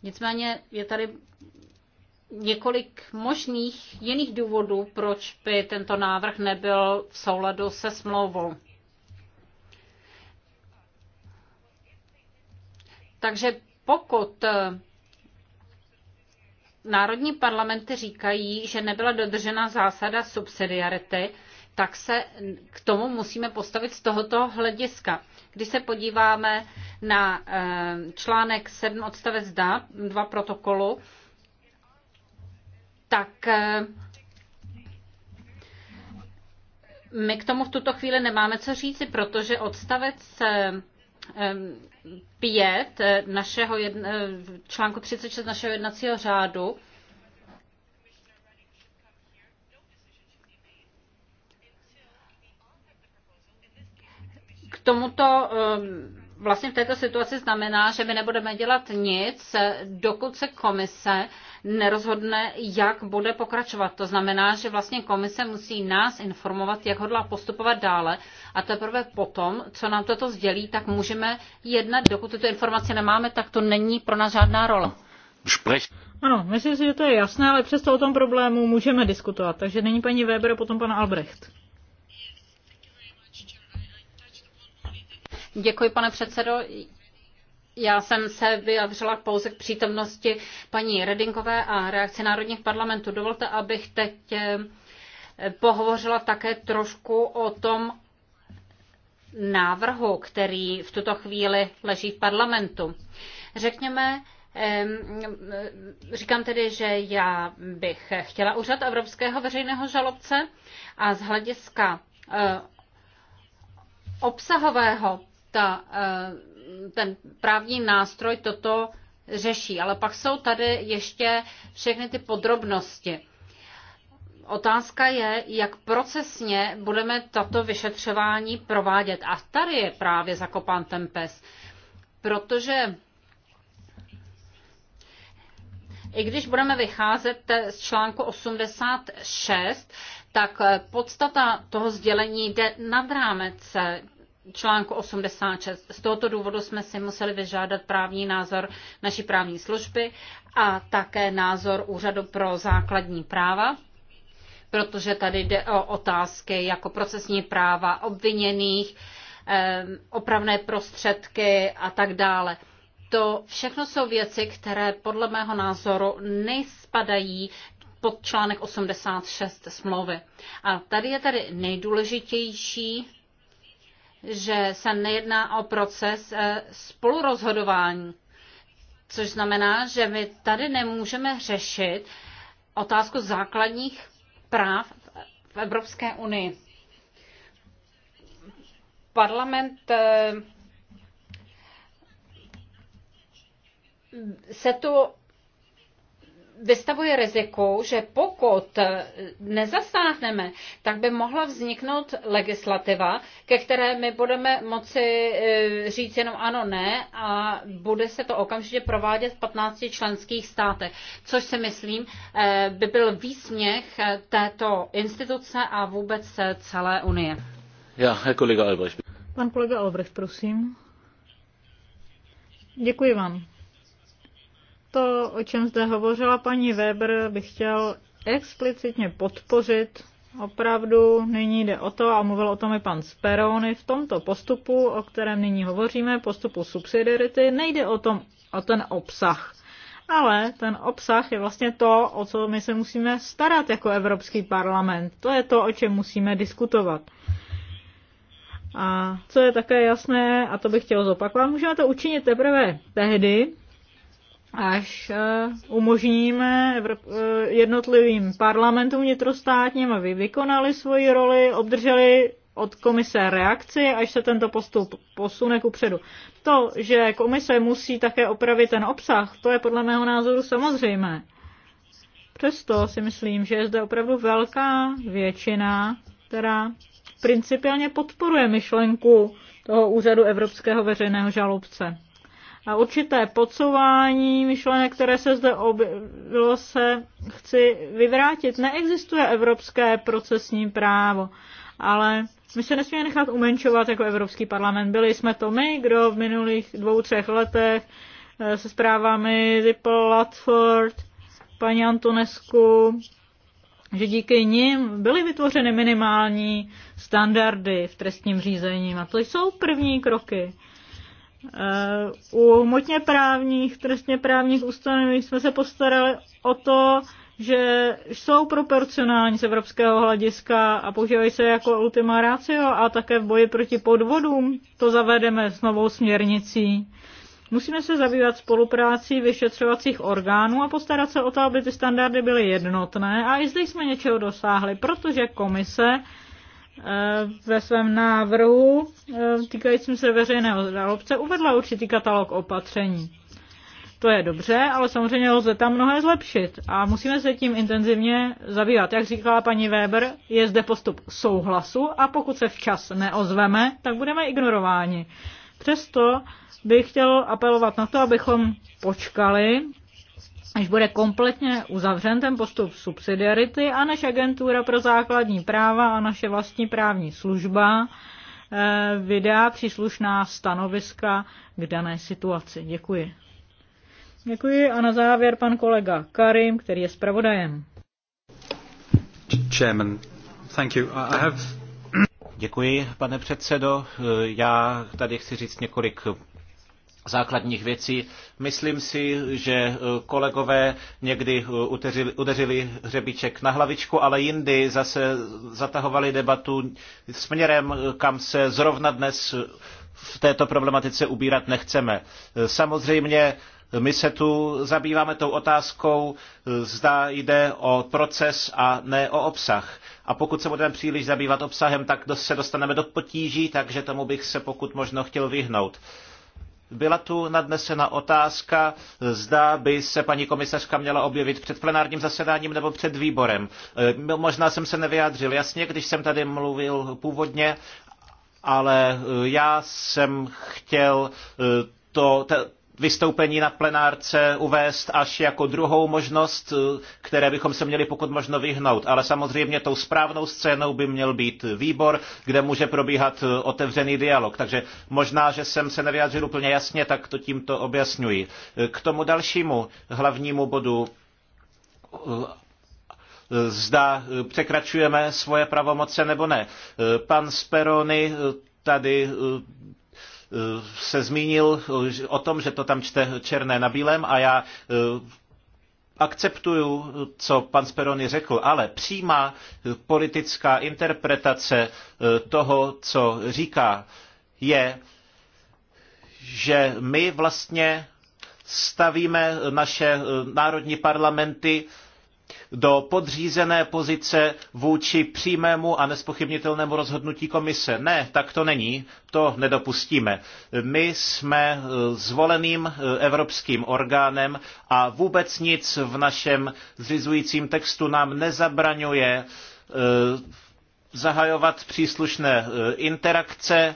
Nicméně je tady několik možných jiných důvodů, proč by tento návrh nebyl v souladu se smlouvou. Takže pokud eh, národní parlamenty říkají, že nebyla dodržena zásada subsidiarity, tak se k tomu musíme postavit z tohoto hlediska. Když se podíváme na eh, článek 7 odstavec 2 protokolu, tak eh, my k tomu v tuto chvíli nemáme co říci, protože odstavec 5 eh, eh, našeho jedna, článku 36 našeho jednacího řádu k tomuto vlastně v této situaci znamená, že my nebudeme dělat nic, dokud se komise nerozhodne, jak bude pokračovat. To znamená, že vlastně komise musí nás informovat, jak hodlá postupovat dále a teprve potom, co nám toto sdělí, tak můžeme jednat. Dokud tuto informaci nemáme, tak to není pro nás žádná rola. Ano, myslím si, že to je jasné, ale přesto o tom problému můžeme diskutovat. Takže není paní Weber a potom pan Albrecht. Děkuji, pane předsedo. Já jsem se vyjadřila pouze k přítomnosti paní Redingové a reakci národních parlamentů. Dovolte, abych teď eh, pohovořila také trošku o tom návrhu, který v tuto chvíli leží v parlamentu. Řekněme, eh, Říkám tedy, že já bych chtěla úřad Evropského veřejného žalobce a z hlediska eh, obsahového ta ten právní nástroj toto řeší. Ale pak jsou tady ještě všechny ty podrobnosti. Otázka je, jak procesně budeme tato vyšetřování provádět. A tady je právě zakopán ten pes, protože i když budeme vycházet z článku 86, tak podstata toho sdělení jde nad rámec článku 86. Z tohoto důvodu jsme si museli vyžádat právní názor naší právní služby a také názor Úřadu pro základní práva, protože tady jde o otázky jako procesní práva obviněných, eh, opravné prostředky a tak dále. To všechno jsou věci, které podle mého názoru nespadají pod článek 86 smlouvy. A tady je tady nejdůležitější že se nejedná o proces eh, spolurozhodování, což znamená, že my tady nemůžeme řešit otázku základních práv v Evropské unii. Parlament eh, se tu vystavuje riziku, že pokud nezasáhneme, tak by mohla vzniknout legislativa, ke které my budeme moci eh, říct jenom ano, ne a bude se to okamžitě provádět v 15 členských státech, což si myslím eh, by byl výsměch eh, této instituce a vůbec celé Unie. Já, kolega Albrecht. Pan kolega Albrecht, prosím. Děkuji vám to, o čem zde hovořila paní Weber, bych chtěl explicitně podpořit. Opravdu nyní jde o to, a mluvil o tom i pan Sperony, v tomto postupu, o kterém nyní hovoříme, postupu subsidiarity, nejde o, tom, o ten obsah. Ale ten obsah je vlastně to, o co my se musíme starat jako Evropský parlament. To je to, o čem musíme diskutovat. A co je také jasné, a to bych chtěl zopakovat, můžeme to učinit teprve tehdy, až eh, umožníme eh, jednotlivým parlamentům vnitrostátním, aby vykonali svoji roli, obdrželi od komise reakci, až se tento postup posune kupředu. To, že komise musí také opravit ten obsah, to je podle mého názoru samozřejmé. Přesto si myslím, že je zde opravdu velká většina, která principiálně podporuje myšlenku toho úřadu Evropského veřejného žalobce. A určité podsouvání myšlenek, které se zde objevilo, se chci vyvrátit. Neexistuje evropské procesní právo, ale my se nesmíme nechat umenčovat jako Evropský parlament. Byli jsme to my, kdo v minulých dvou, třech letech eh, se zprávami Zippo, Latford, paní Antonesku, že díky nim byly vytvořeny minimální standardy v trestním řízení. A to jsou první kroky. Eh, u hmotně právních, trestně právních ustanovení jsme se postarali o to, že jsou proporcionální z evropského hlediska a používají se jako ultima ratio a také v boji proti podvodům. To zavedeme s novou směrnicí. Musíme se zabývat spoluprácí vyšetřovacích orgánů a postarat se o to, aby ty standardy byly jednotné. A i zde jsme něčeho dosáhli, protože komise Eh, ve svém návrhu eh, týkajícím se veřejného žalobce uvedla určitý katalog opatření. To je dobře, ale samozřejmě lze tam mnohé zlepšit a musíme se tím intenzivně zabývat. Jak říkala paní Weber, je zde postup souhlasu a pokud se včas neozveme, tak budeme ignorováni. Přesto bych chtěl apelovat na to, abychom počkali až bude kompletně uzavřen ten postup subsidiarity a než agentura pro základní práva a naše vlastní právní služba eh, vydá příslušná stanoviska k dané situaci. Děkuji. Děkuji a na závěr pan kolega Karim, který je zpravodajem. Chairman, thank you. I have Děkuji, pane předsedo. Já tady chci říct několik základních věcí. Myslím si, že eh, kolegové někdy eh, udeřili, udeřili hřebíček na hlavičku, ale jindy zase zatahovali debatu směrem, eh, kam se zrovna dnes v této problematice ubírat nechceme. Samozřejmě my se tu zabýváme tou otázkou, zda jde o proces a ne o obsah. A pokud se budeme příliš zabývat obsahem, tak se dostaneme do potíží, takže tomu bych se pokud možno chtěl vyhnout. Byla tu nadnesena otázka, zda by se paní komisařka měla objevit před plenárním zasedáním nebo před výborem. E, možná jsem se nevyjádřil jasně, když jsem tady mluvil původně, ale e, já jsem chtěl e, to, vystoupení na plenárce uvést až jako druhou možnost, eh, které bychom se měli pokud možno vyhnout. Ale samozřejmě tou správnou scénou by měl být výbor, kde může probíhat eh, otevřený dialog. Takže možná, že jsem se nevyjádřil úplně jasně, tak to tímto objasňuji. Eh, k tomu dalšímu hlavnímu bodu zda překračujeme svoje pravomoce nebo ne. Pan Speroni tady Eh, se zmínil eh, o tom, že to tam čte černé na bílém a já eh, akceptuju, co pan Speroni řekl, ale přímá politická interpretace toho, co říká, je, že my vlastně stavíme naše národní parlamenty do podřízené pozice vůči přímému a nespochybnitelnému rozhodnutí komise. Ne, tak to není, to nedopustíme. My jsme eh, zvoleným eh, evropským orgánem a vůbec nic v našem zřizujícím textu nám nezabraňuje eh, zahajovat příslušné interakce,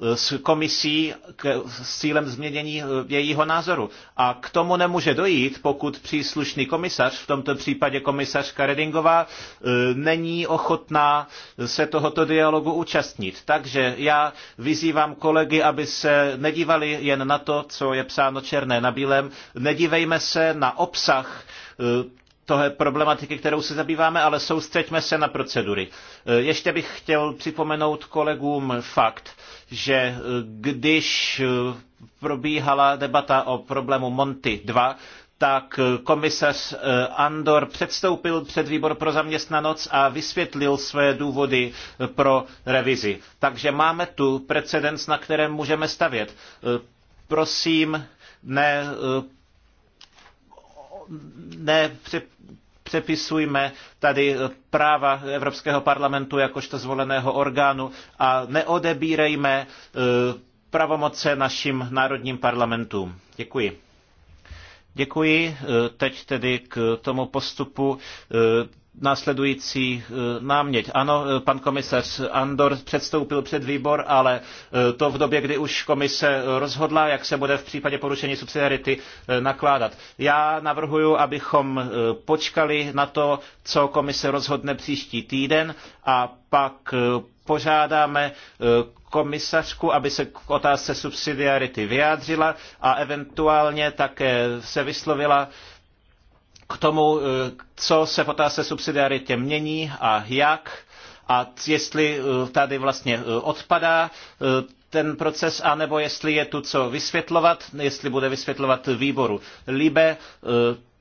s komisí k, s cílem změnění eh, jejího názoru. A k tomu nemůže dojít, pokud příslušný komisař, v tomto případě komisařka Redingová, eh, není ochotná se tohoto dialogu účastnit. Takže já vyzývám kolegy, aby se nedívali jen na to, co je psáno černé na bílém, nedívejme se na obsah eh, tohle problematiky, kterou se zabýváme, ale soustřeďme se na procedury. E, ještě bych chtěl připomenout kolegům fakt, že e, když e, probíhala debata o problému Monty 2, tak komisař Andor předstoupil před výbor pro zaměstnanost a vysvětlil své důvody pro revizi. Takže máme tu precedens, na kterém můžeme stavět. Prosím, ne ne přepisujme tady práva Evropského parlamentu jakožto zvoleného orgánu a neodebírejme e, pravomoce našim národním parlamentům. Děkuji. Děkuji. E, teď tedy k tomu postupu e, následující eh, námět. Ano, eh, pan komisař Andor předstoupil před výbor, ale eh, to v době, kdy už komise rozhodla, jak se bude v případě porušení subsidiarity nakládat. Já navrhuji, abychom počkali na to, co komise rozhodne příští týden a pak požádáme komisařku, aby se k otázce subsidiarity vyjádřila a eventuálně také se vyslovila k tomu, eh, co se v otázce subsidiarity mění a jak a jestli eh, tady vlastně eh, odpadá ten proces, anebo jestli je tu co vysvětlovat, jestli bude vysvětlovat výboru Libe,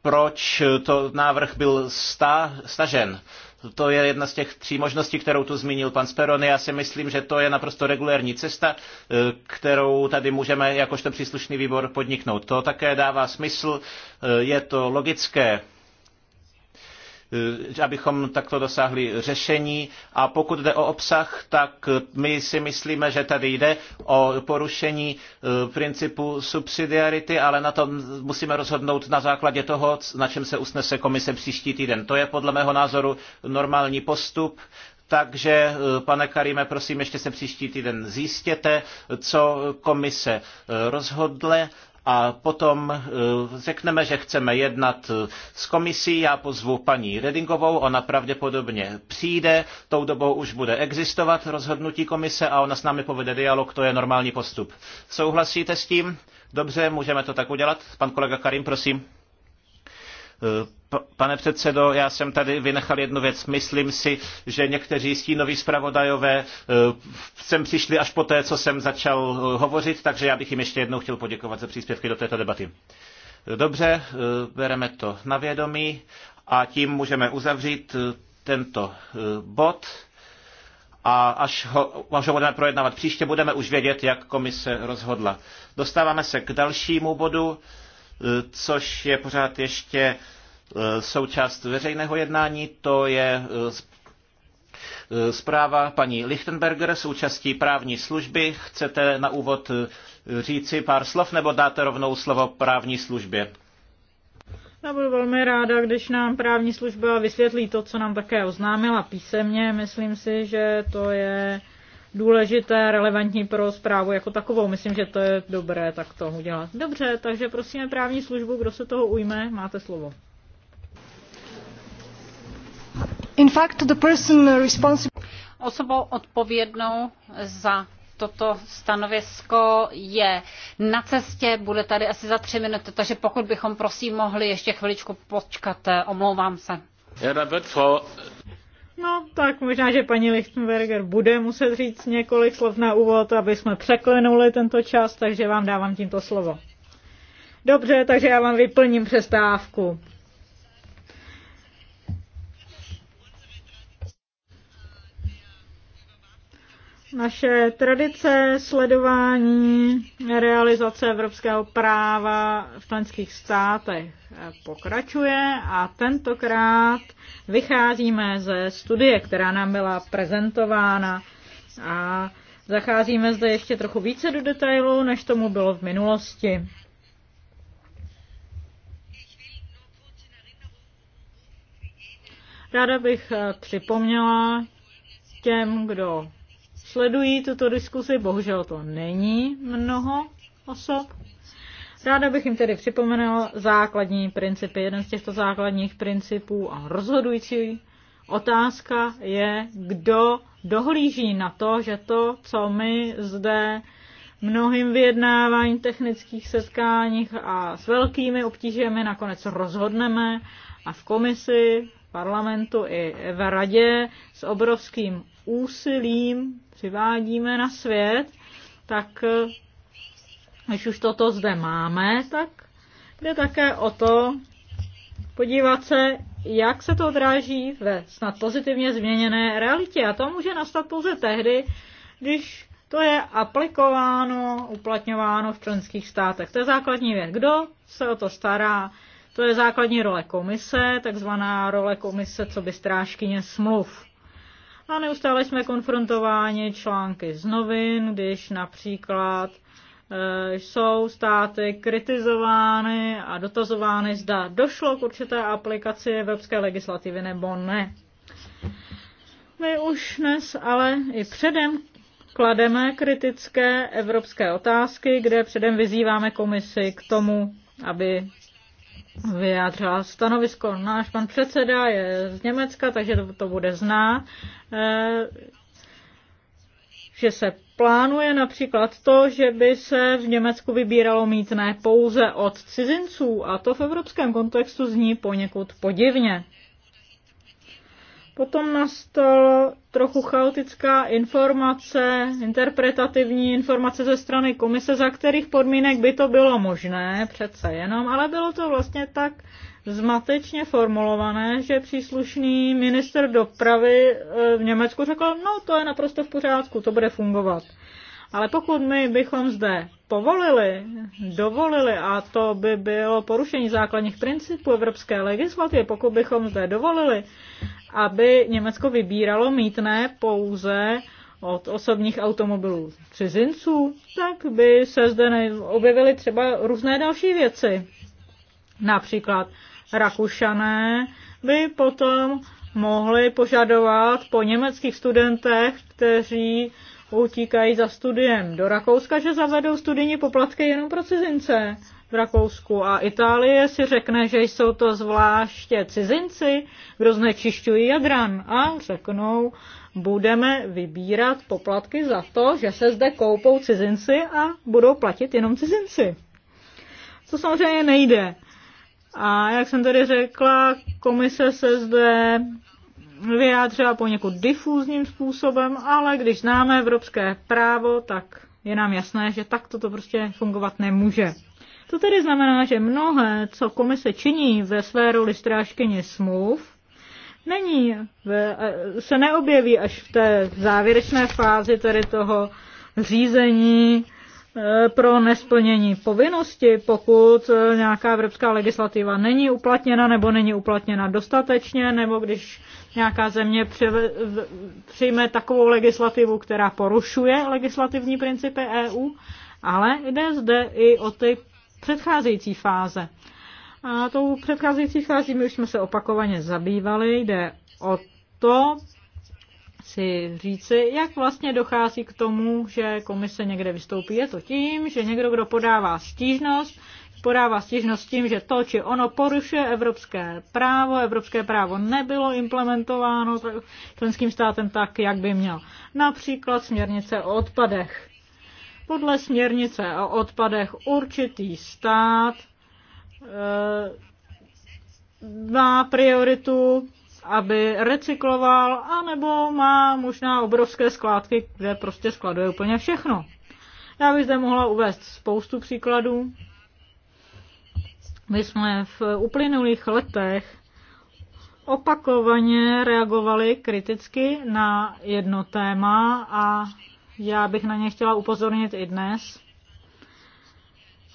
proč to návrh byl sta, stažen to je jedna z těch tří možností, kterou tu zmínil pan Sperony. Já si myslím, že to je naprosto regulérní cesta, eh, kterou tady můžeme jakožto příslušný výbor podniknout. To také dává smysl, eh, je to logické Eh, abychom takto dosáhli řešení. A pokud jde o obsah, tak my si myslíme, že tady jde o porušení eh, principu subsidiarity, ale na tom musíme rozhodnout na základě toho, na čem se usnese komise příští týden. To je podle mého názoru normální postup. Takže, eh, pane Karime, prosím, ještě se příští týden zjistěte, co komise rozhodle, a potom eh, řekneme, že chceme jednat eh, s komisí. Já pozvu paní Redingovou, ona pravděpodobně přijde, tou dobou už bude existovat rozhodnutí komise a ona s námi povede dialog, to je normální postup. Souhlasíte s tím? Dobře, můžeme to tak udělat. Pan kolega Karim, prosím. Pane předsedo, já jsem tady vynechal jednu věc. Myslím si, že někteří stínoví zpravodajové eh, sem přišli až po té, co jsem začal eh, hovořit, takže já bych jim ještě jednou chtěl poděkovat za příspěvky do této debaty. Dobře, eh, bereme to na vědomí a tím můžeme uzavřít tento bod a až ho, až ho budeme projednávat příště, budeme už vědět, jak komise rozhodla. Dostáváme se k dalšímu bodu. Eh, což je pořád ještě eh, součást veřejného jednání, to je eh, zpráva paní Lichtenberger s účastí právní služby. Chcete na úvod říci pár slov nebo dáte rovnou slovo právní službě? Já budu velmi ráda, když nám právní služba vysvětlí to, co nám také oznámila písemně. Myslím si, že to je důležité, relevantní pro zprávu jako takovou. Myslím, že to je dobré tak to udělat. Dobře, takže prosíme právní službu, kdo se toho ujme, máte slovo. In fact, the person responsible... Osobou odpovědnou za toto stanovisko je na cestě, bude tady asi za tři minuty, takže pokud bychom prosím mohli ještě chviličku počkat, eh, omlouvám se. Ja, No, tak možná, že paní Lichtenberger bude muset říct několik slov na úvod, aby jsme překlenuli tento čas, takže vám dávám tímto slovo. Dobře, takže já vám vyplním přestávku. naše tradice sledování realizace evropského práva v členských státech pokračuje a tentokrát vycházíme ze studie, která nám byla prezentována a zacházíme zde ještě trochu více do detailů, než tomu bylo v minulosti. Ráda bych připomněla těm, kdo sledují tuto diskusi, bohužel to není mnoho osob. Ráda bych jim tedy připomenula základní principy. Jeden z těchto základních principů a rozhodující otázka je, kdo dohlíží na to, že to, co my zde mnohým vyjednávání, technických setkáních a s velkými obtížemi nakonec rozhodneme a v komisi, parlamentu i v radě s obrovským úsilím přivádíme na svět, tak eh, když už toto zde máme, tak jde také o to podívat se, jak se to odráží ve snad pozitivně změněné realitě. A to může nastat pouze tehdy, když to je aplikováno, uplatňováno v členských státech. To je základní věc. Kdo se o to stará? To je základní role komise, takzvaná role komise co by strážkyně smluv a neustále jsme konfrontováni články z novin, když například eh, jsou státy kritizovány a dotazovány, zda došlo k určité aplikaci evropské legislativy nebo ne. My už dnes ale i předem klademe kritické evropské otázky, kde předem vyzýváme komisi k tomu, aby vyjádřila stanovisko. Náš pan předseda je z Německa, takže to, to bude zná, eh, že se plánuje například to, že by se v Německu vybíralo mítné pouze od cizinců a to v evropském kontextu zní poněkud podivně. Potom nastala trochu chaotická informace, interpretativní informace ze strany komise, za kterých podmínek by to bylo možné, přece jenom, ale bylo to vlastně tak zmatečně formulované, že příslušný minister dopravy e, v Německu řekl, no to je naprosto v pořádku, to bude fungovat. Ale pokud my bychom zde povolili, dovolili, a to by bylo porušení základních principů evropské legislativy, pokud bychom zde dovolili, aby Německo vybíralo mítné pouze od osobních automobilů cizinců, tak by se zde objevily třeba různé další věci. Například Rakušané by potom mohli požadovat po německých studentech, kteří utíkají za studiem do Rakouska, že zavedou studijní poplatky jenom pro cizince. Rakousku a Itálie si řekne, že jsou to zvláště cizinci, kdo znečišťují Jadran a řeknou, budeme vybírat poplatky za to, že se zde koupou cizinci a budou platit jenom cizinci. To samozřejmě nejde. A jak jsem tady řekla, komise se zde vyjádřila poněkud difúzním způsobem, ale když známe evropské právo, tak je nám jasné, že takto to prostě fungovat nemůže. To tedy znamená, že mnohé, co komise činí ve své roli strážkyně smluv, není, se neobjeví až v té závěrečné fázi tedy toho řízení eh, pro nesplnění povinnosti, pokud eh, nějaká evropská legislativa není uplatněna nebo není uplatněna dostatečně, nebo když nějaká země přijme takovou legislativu, která porušuje legislativní principy EU, ale jde zde i o ty předcházející fáze. A tou předcházející fází my už jsme se opakovaně zabývali, jde o to si říci, jak vlastně dochází k tomu, že komise někde vystoupí. Je to tím, že někdo, kdo podává stížnost, podává stížnost tím, že to či ono porušuje evropské právo, evropské právo nebylo implementováno členským státem tak, jak by měl. Například směrnice o odpadech. Podle směrnice o odpadech určitý stát eh, má prioritu, aby recykloval, anebo má možná obrovské skládky, kde prostě skladuje úplně všechno. Já bych zde mohla uvést spoustu příkladů. My jsme v uplynulých letech opakovaně reagovali kriticky na jedno téma a já bych na ně chtěla upozornit i dnes.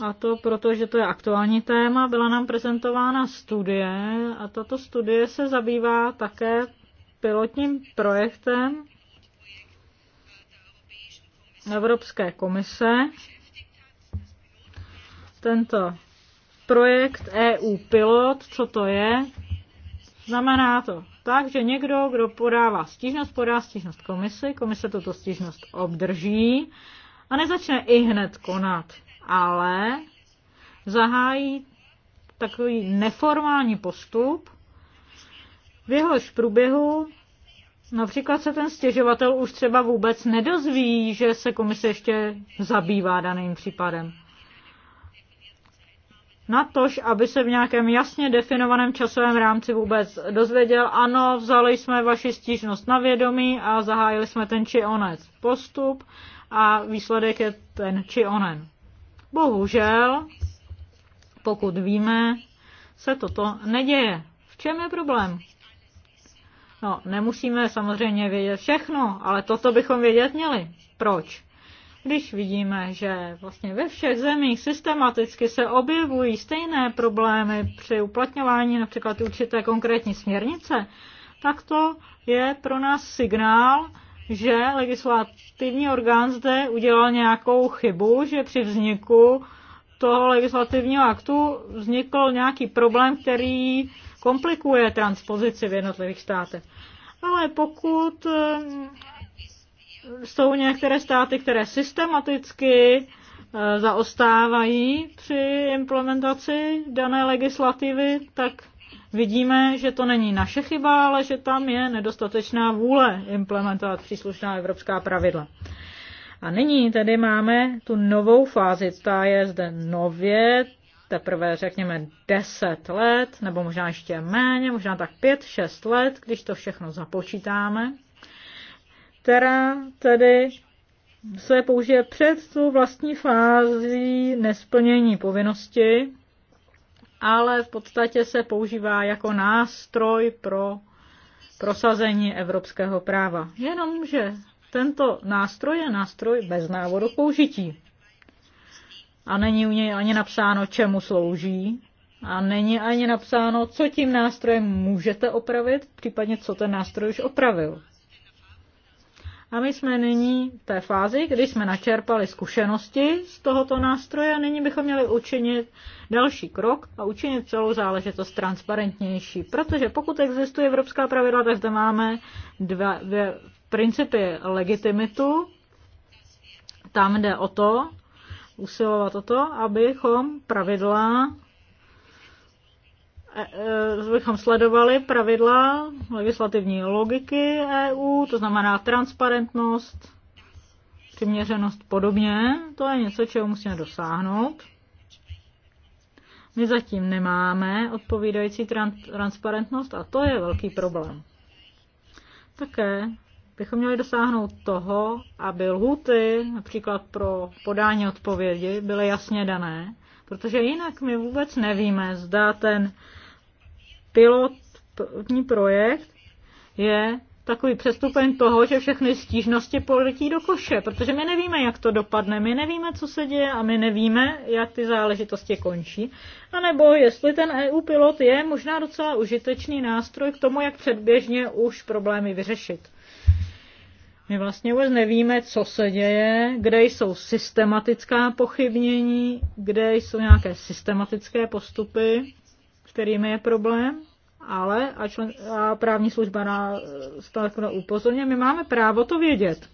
A to proto, že to je aktuální téma, byla nám prezentována studie a tato studie se zabývá také pilotním projektem Evropské komise. Tento projekt EU Pilot, co to je? Znamená to tak, že někdo, kdo podává stížnost, podá stížnost komisi, komise tuto stížnost obdrží a nezačne i hned konat, ale zahájí takový neformální postup, v jehož průběhu například se ten stěžovatel už třeba vůbec nedozví, že se komise ještě zabývá daným případem na tož, aby se v nějakém jasně definovaném časovém rámci vůbec dozvěděl, ano, vzali jsme vaši stížnost na vědomí a zahájili jsme ten či onec postup a výsledek je ten či onen. Bohužel, pokud víme, se toto neděje. V čem je problém? No, nemusíme samozřejmě vědět všechno, ale toto bychom vědět měli. Proč? když vidíme, že vlastně ve všech zemích systematicky se objevují stejné problémy při uplatňování například určité konkrétní směrnice, tak to je pro nás signál, že legislativní orgán zde udělal nějakou chybu, že při vzniku toho legislativního aktu vznikl nějaký problém, který komplikuje transpozici v jednotlivých státech. Ale pokud jsou některé státy, které systematicky e, zaostávají při implementaci dané legislativy, tak vidíme, že to není naše chyba, ale že tam je nedostatečná vůle implementovat příslušná evropská pravidla. A nyní tedy máme tu novou fázi, ta je zde nově, teprve řekněme 10 let, nebo možná ještě méně, možná tak 5-6 let, když to všechno započítáme která tedy se použije před tu vlastní fází nesplnění povinnosti, ale v podstatě se používá jako nástroj pro prosazení evropského práva. Jenomže tento nástroj je nástroj bez návodu použití. A není u něj ani napsáno, čemu slouží, a není ani napsáno, co tím nástrojem můžete opravit, případně co ten nástroj už opravil. A my jsme nyní v té fázi, kdy jsme načerpali zkušenosti z tohoto nástroje a nyní bychom měli učinit další krok a učinit celou záležitost transparentnější. Protože pokud existuje evropská pravidla, tak zde máme dva, dvě principy legitimitu. Tam jde o to, usilovat o to, abychom pravidla E, e, bychom sledovali pravidla legislativní logiky EU, to znamená transparentnost, přiměřenost podobně. To je něco, čeho musíme dosáhnout. My zatím nemáme odpovídající transparentnost a to je velký problém. Také bychom měli dosáhnout toho, aby lhuty, například pro podání odpovědi, byly jasně dané, protože jinak my vůbec nevíme, zda ten pilotní projekt je takový přestupeň toho, že všechny stížnosti poletí do koše, protože my nevíme, jak to dopadne, my nevíme, co se děje a my nevíme, jak ty záležitosti končí. A nebo jestli ten EU pilot je možná docela užitečný nástroj k tomu, jak předběžně už problémy vyřešit. My vlastně vůbec nevíme, co se děje, kde jsou systematická pochybnění, kde jsou nějaké systematické postupy kterými je problém, ale a, člen, a právní služba na stále upozorně, my máme právo to vědět.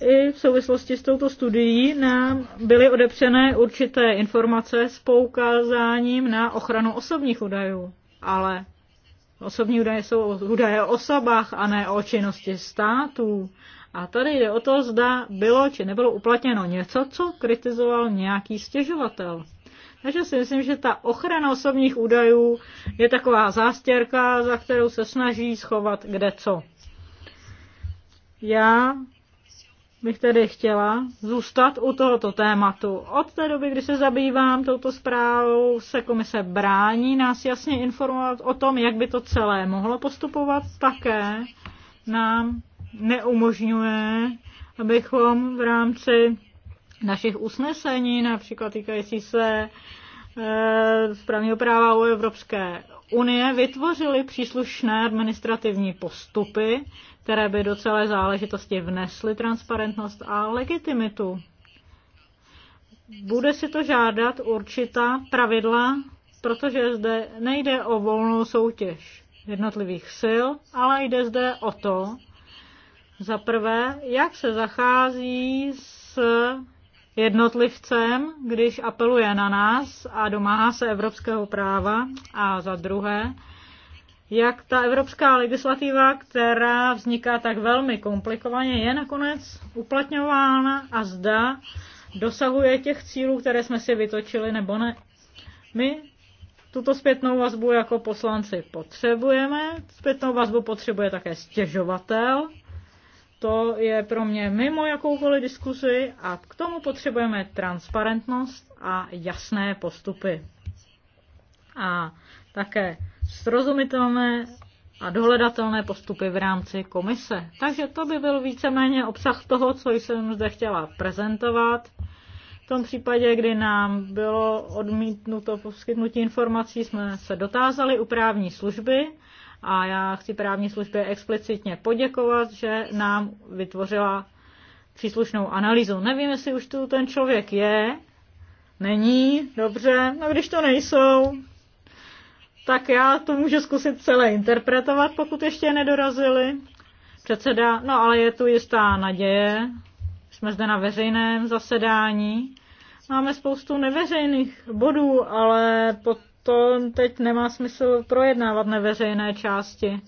I v souvislosti s touto studií nám byly odepřené určité informace s poukázáním na ochranu osobních údajů, ale osobní údaje jsou údaje o osobách a ne o činnosti států. A tady jde o to, zda bylo či nebylo uplatněno něco, co kritizoval nějaký stěžovatel. Takže si myslím, že ta ochrana osobních údajů je taková zástěrka, za kterou se snaží schovat kde co. Já bych tedy chtěla zůstat u tohoto tématu. Od té doby, kdy se zabývám touto zprávou, se komise brání nás jasně informovat o tom, jak by to celé mohlo postupovat. Také nám neumožňuje, abychom v rámci našich usnesení, například týkající se eh, správního práva u Evropské unie, vytvořili příslušné administrativní postupy, které by do celé záležitosti vnesly transparentnost a legitimitu. Bude si to žádat určitá pravidla, protože zde nejde o volnou soutěž jednotlivých sil, ale jde zde o to, za prvé, jak se zachází s jednotlivcem, když apeluje na nás a domáhá se evropského práva a za druhé, jak ta evropská legislativa, která vzniká tak velmi komplikovaně, je nakonec uplatňována a zda dosahuje těch cílů, které jsme si vytočili nebo ne. My tuto zpětnou vazbu jako poslanci potřebujeme. Zpětnou vazbu potřebuje také stěžovatel, to je pro mě mimo jakoukoliv diskuzi a k tomu potřebujeme transparentnost a jasné postupy. A také srozumitelné a dohledatelné postupy v rámci komise. Takže to by byl víceméně obsah toho, co jsem zde chtěla prezentovat. V tom případě, kdy nám bylo odmítnuto poskytnutí informací, jsme se dotázali u právní služby a já chci právní službě explicitně poděkovat, že nám vytvořila příslušnou analýzu. Nevím, jestli už tu ten člověk je, není, dobře, no když to nejsou, tak já to můžu zkusit celé interpretovat, pokud ještě nedorazili. Předseda, no ale je tu jistá naděje, jsme zde na veřejném zasedání, máme spoustu neveřejných bodů, ale pod to teď nemá smysl projednávat neveřejné části.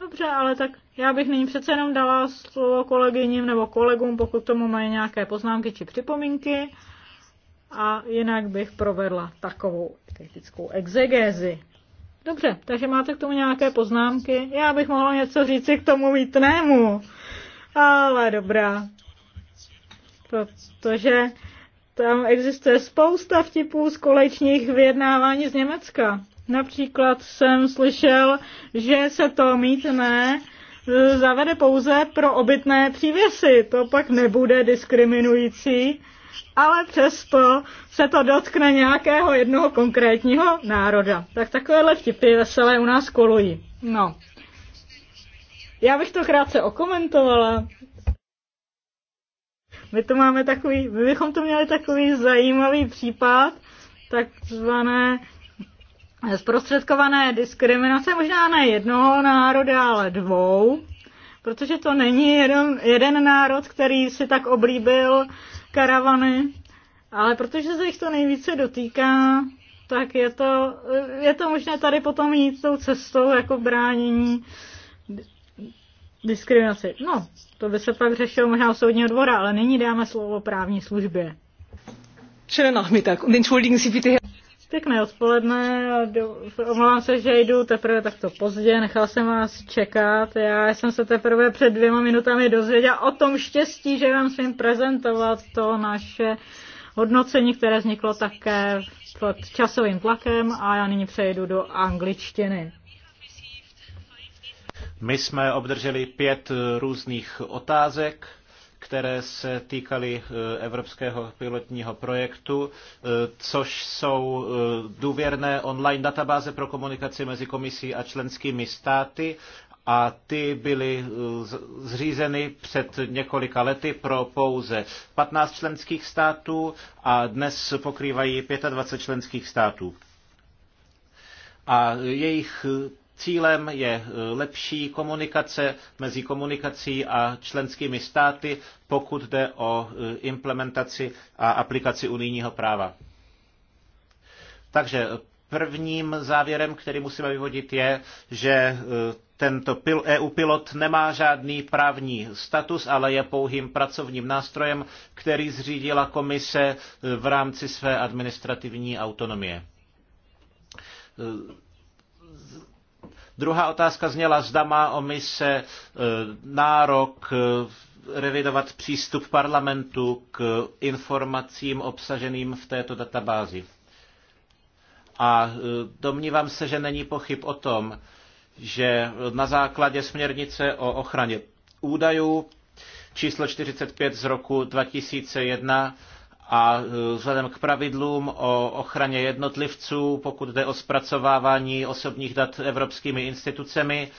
Dobře, ale tak já bych nyní přece jenom dala slovo kolegyním nebo kolegům, pokud tomu mají nějaké poznámky či připomínky. A jinak bych provedla takovou kritickou exegézi. Dobře, takže máte k tomu nějaké poznámky? Já bych mohla něco říci k tomu vítnému. Ale dobrá. Protože tam existuje spousta vtipů z kolečních vyjednávání z Německa. Například jsem slyšel, že se to mítné e, zavede pouze pro obytné přívěsy. To pak nebude diskriminující, ale přesto se to dotkne nějakého jednoho konkrétního národa. Tak takovéhle vtipy veselé u nás kolují. No. Já bych to krátce okomentovala. My to máme takový, my bychom to měli takový zajímavý případ, takzvané zprostředkované diskriminace možná ne jednoho národa, ale dvou, protože to není jeden, jeden národ, který si tak oblíbil karavany, ale protože se jich to nejvíce dotýká, tak je to, je to možné tady potom jít tou cestou jako bránění diskriminaci. No, to by se pak řešilo možná u soudního dvora, ale nyní dáme slovo právní službě. Schönen Nachmittag und entschuldigen Sie bitte. Pěkné odpoledne, omlouvám se, že jdu teprve takto pozdě, nechal jsem vás čekat. Já jsem se teprve před dvěma minutami dozvěděl o tom štěstí, že vám svým prezentovat to naše hodnocení, které vzniklo také pod časovým tlakem a já nyní přejdu do angličtiny. My jsme obdrželi pět eh, různých otázek, které se týkaly eh, evropského pilotního projektu, eh, což jsou důvěrné online databáze pro komunikaci mezi komisí a členskými státy a ty byly zřízeny před několika lety pro pouze 15 členských států a dnes pokrývají 25 členských států. A jejich Cílem je eh, lepší komunikace mezi komunikací a členskými státy, pokud jde o eh, implementaci a aplikaci unijního práva. Takže prvním závěrem, který musíme vyvodit, je, že eh, tento EU pilot nemá žádný právní status, ale je pouhým pracovním nástrojem, který zřídila komise v rámci své administrativní autonomie Druhá otázka zněla, zda má o mise e, nárok e, revidovat přístup parlamentu k informacím obsaženým v této databázi. A e, domnívám se, že není pochyb o tom, že na základě směrnice o ochraně údajů číslo 45 z roku 2001 a e, vzhledem k pravidlům o ochraně jednotlivců, pokud jde o zpracovávání osobních dat evropskými institucemi,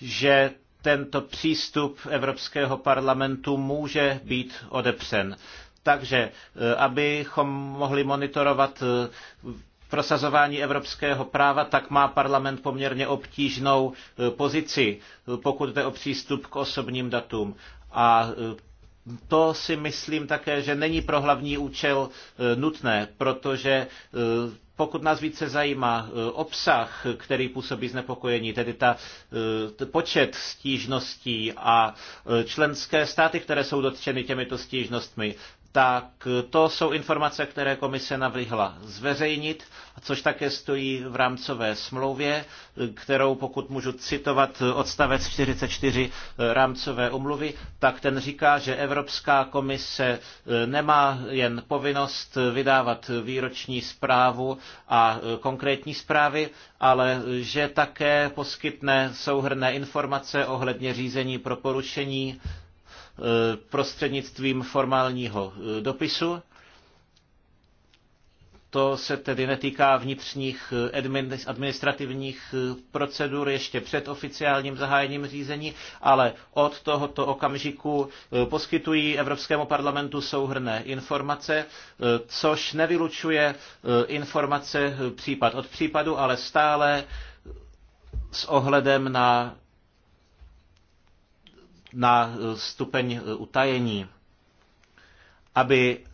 že tento přístup Evropského parlamentu může být odepřen. Takže e, abychom mohli monitorovat e, prosazování evropského práva, tak má parlament poměrně obtížnou pozici, pokud jde o přístup k osobním datům. A to si myslím také, že není pro hlavní účel e, nutné, protože e, pokud nás více zajímá e, obsah, který působí znepokojení, tedy ta počet stížností a členské státy, které jsou dotčeny těmito stížnostmi, tak to jsou informace, které komise navrhla zveřejnit, což také stojí v rámcové smlouvě, kterou pokud můžu citovat odstavec 44 rámcové umluvy, tak ten říká, že Evropská komise eh, nemá jen povinnost vydávat výroční zprávu a eh, konkrétní zprávy, ale eh, že také poskytne souhrné informace ohledně řízení pro porušení Eh, prostřednictvím formálního eh, dopisu. To se tedy netýká vnitřních eh, administrativních procedur ještě před oficiálním zahájením řízení, ale od tohoto okamžiku poskytují Evropskému parlamentu souhrné informace, což nevylučuje informace případ od případu, ale stále s ohledem na na eh, stupeň eh, utajení, aby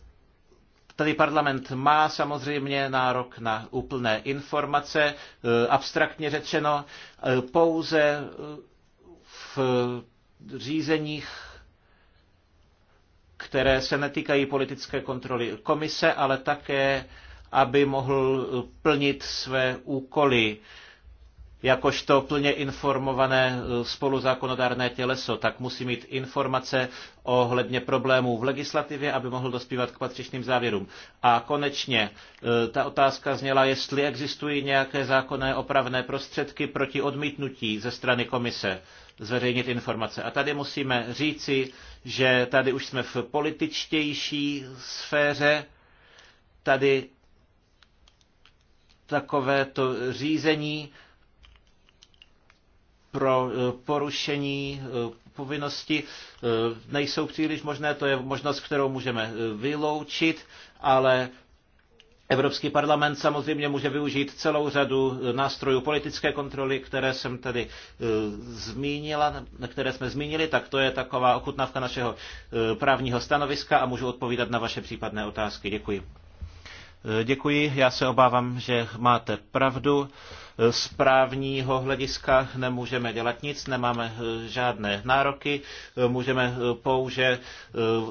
Tady parlament má samozřejmě nárok na úplné informace, eh, abstraktně řečeno, pouze v řízeních, které se netýkají politické kontroly komise, ale také, aby mohl plnit své úkoly jakožto plně informované eh, spoluzákonodárné těleso, tak musí mít informace ohledně problémů v legislativě, aby mohl dospívat k patřičným závěrům. A konečně eh, ta otázka zněla, jestli existují nějaké zákonné opravné prostředky proti odmítnutí ze strany komise zveřejnit informace. A tady musíme říci, že tady už jsme v političtější sféře, tady takovéto řízení pro eh, porušení eh, povinnosti eh, nejsou příliš možné, to je možnost, kterou můžeme vyloučit, ale Evropský parlament samozřejmě může využít celou řadu nástrojů politické kontroly, které jsem tady zmínila, které jsme zmínili, tak to je taková ochutnávka našeho právního stanoviska a můžu odpovídat na vaše případné otázky. Děkuji. Děkuji, já se obávám, že máte pravdu. Z právního hlediska nemůžeme dělat nic, nemáme eh, žádné nároky, eh, můžeme eh, pouze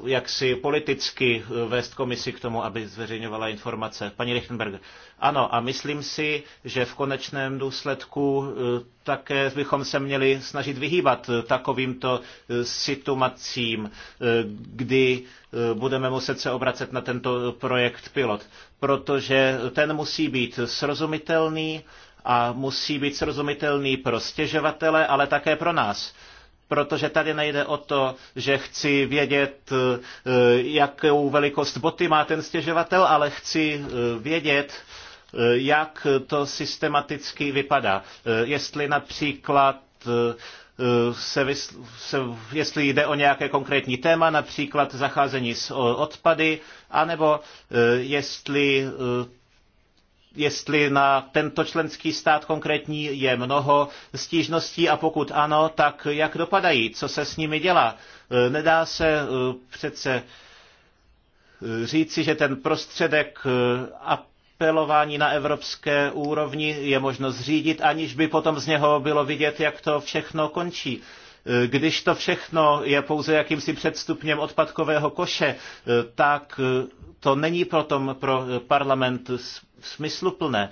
jaksi politicky vést komisi k tomu, aby zveřejňovala informace. Paní Lichtenberger, ano, a myslím si, že v konečném důsledku také bychom se měli snažit vyhýbat takovýmto situacím, kdy budeme muset se obracet na tento projekt pilot, protože ten musí být srozumitelný a musí být srozumitelný pro stěžovatele, ale také pro nás protože tady nejde o to, že chci vědět, eh, jakou velikost boty má ten stěžovatel, ale chci eh, vědět, eh, jak to systematicky vypadá. Jestli například se, se, jestli jde o nějaké konkrétní téma, například zacházení s odpady, anebo jestli jestli na tento členský stát konkrétní je mnoho stížností a pokud ano, tak jak dopadají, co se s nimi dělá. E, nedá se e, přece e, říci, že ten prostředek apelování na evropské úrovni je možno zřídit, aniž by potom z něho bylo vidět, jak to všechno končí. Když to všechno je pouze jakýmsi předstupněm odpadkového koše, tak to není potom pro parlament smysluplné.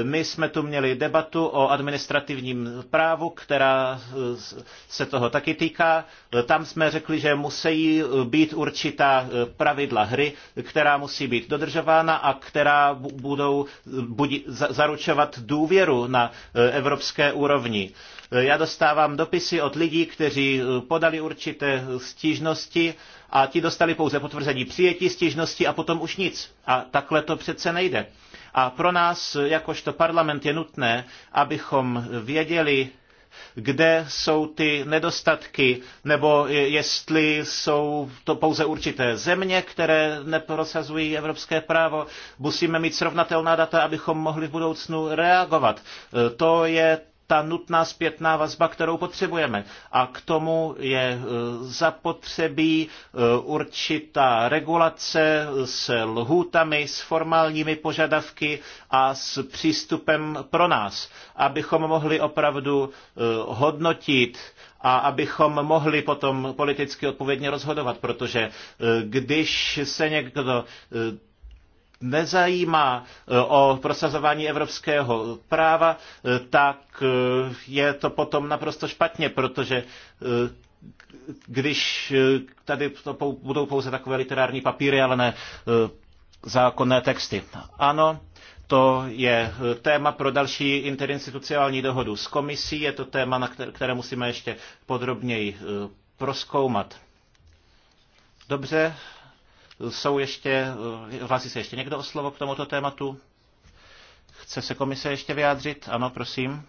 Eh, my jsme tu měli debatu o administrativním právu, která eh, se toho taky týká. Eh, tam jsme řekli, že musí být určitá pravidla hry, která musí být dodržována a která budou zaručovat důvěru na evropské úrovni. Já dostávám dopisy od lidí, kteří podali určité stížnosti a ti dostali pouze potvrzení přijetí stížnosti a potom už nic. A takhle to přece nejde. A pro nás, jakožto parlament, je nutné, abychom věděli, kde jsou ty nedostatky, nebo jestli jsou to pouze určité země, které neprosazují evropské právo. Musíme mít srovnatelná data, abychom mohli v budoucnu reagovat. E, to je ta nutná zpětná vazba, kterou potřebujeme. A k tomu je e, zapotřebí e, určitá regulace s lhůtami, s formálními požadavky a s přístupem pro nás, abychom mohli opravdu e, hodnotit a abychom mohli potom politicky odpovědně rozhodovat, protože když se někdo nezajímá e, o prosazování evropského práva, e, tak e, je to potom naprosto špatně, protože když tady to budou pouze takové literární papíry, ale ne zákonné texty. Ano, to je téma pro další interinstitucionální dohodu s komisí, je to téma, na které musíme ještě podrobněji proskoumat. Dobře, jsou ještě, eh, hlásí se ještě někdo o slovo k tomuto tématu? Chce se komise ještě vyjádřit? Ano, prosím.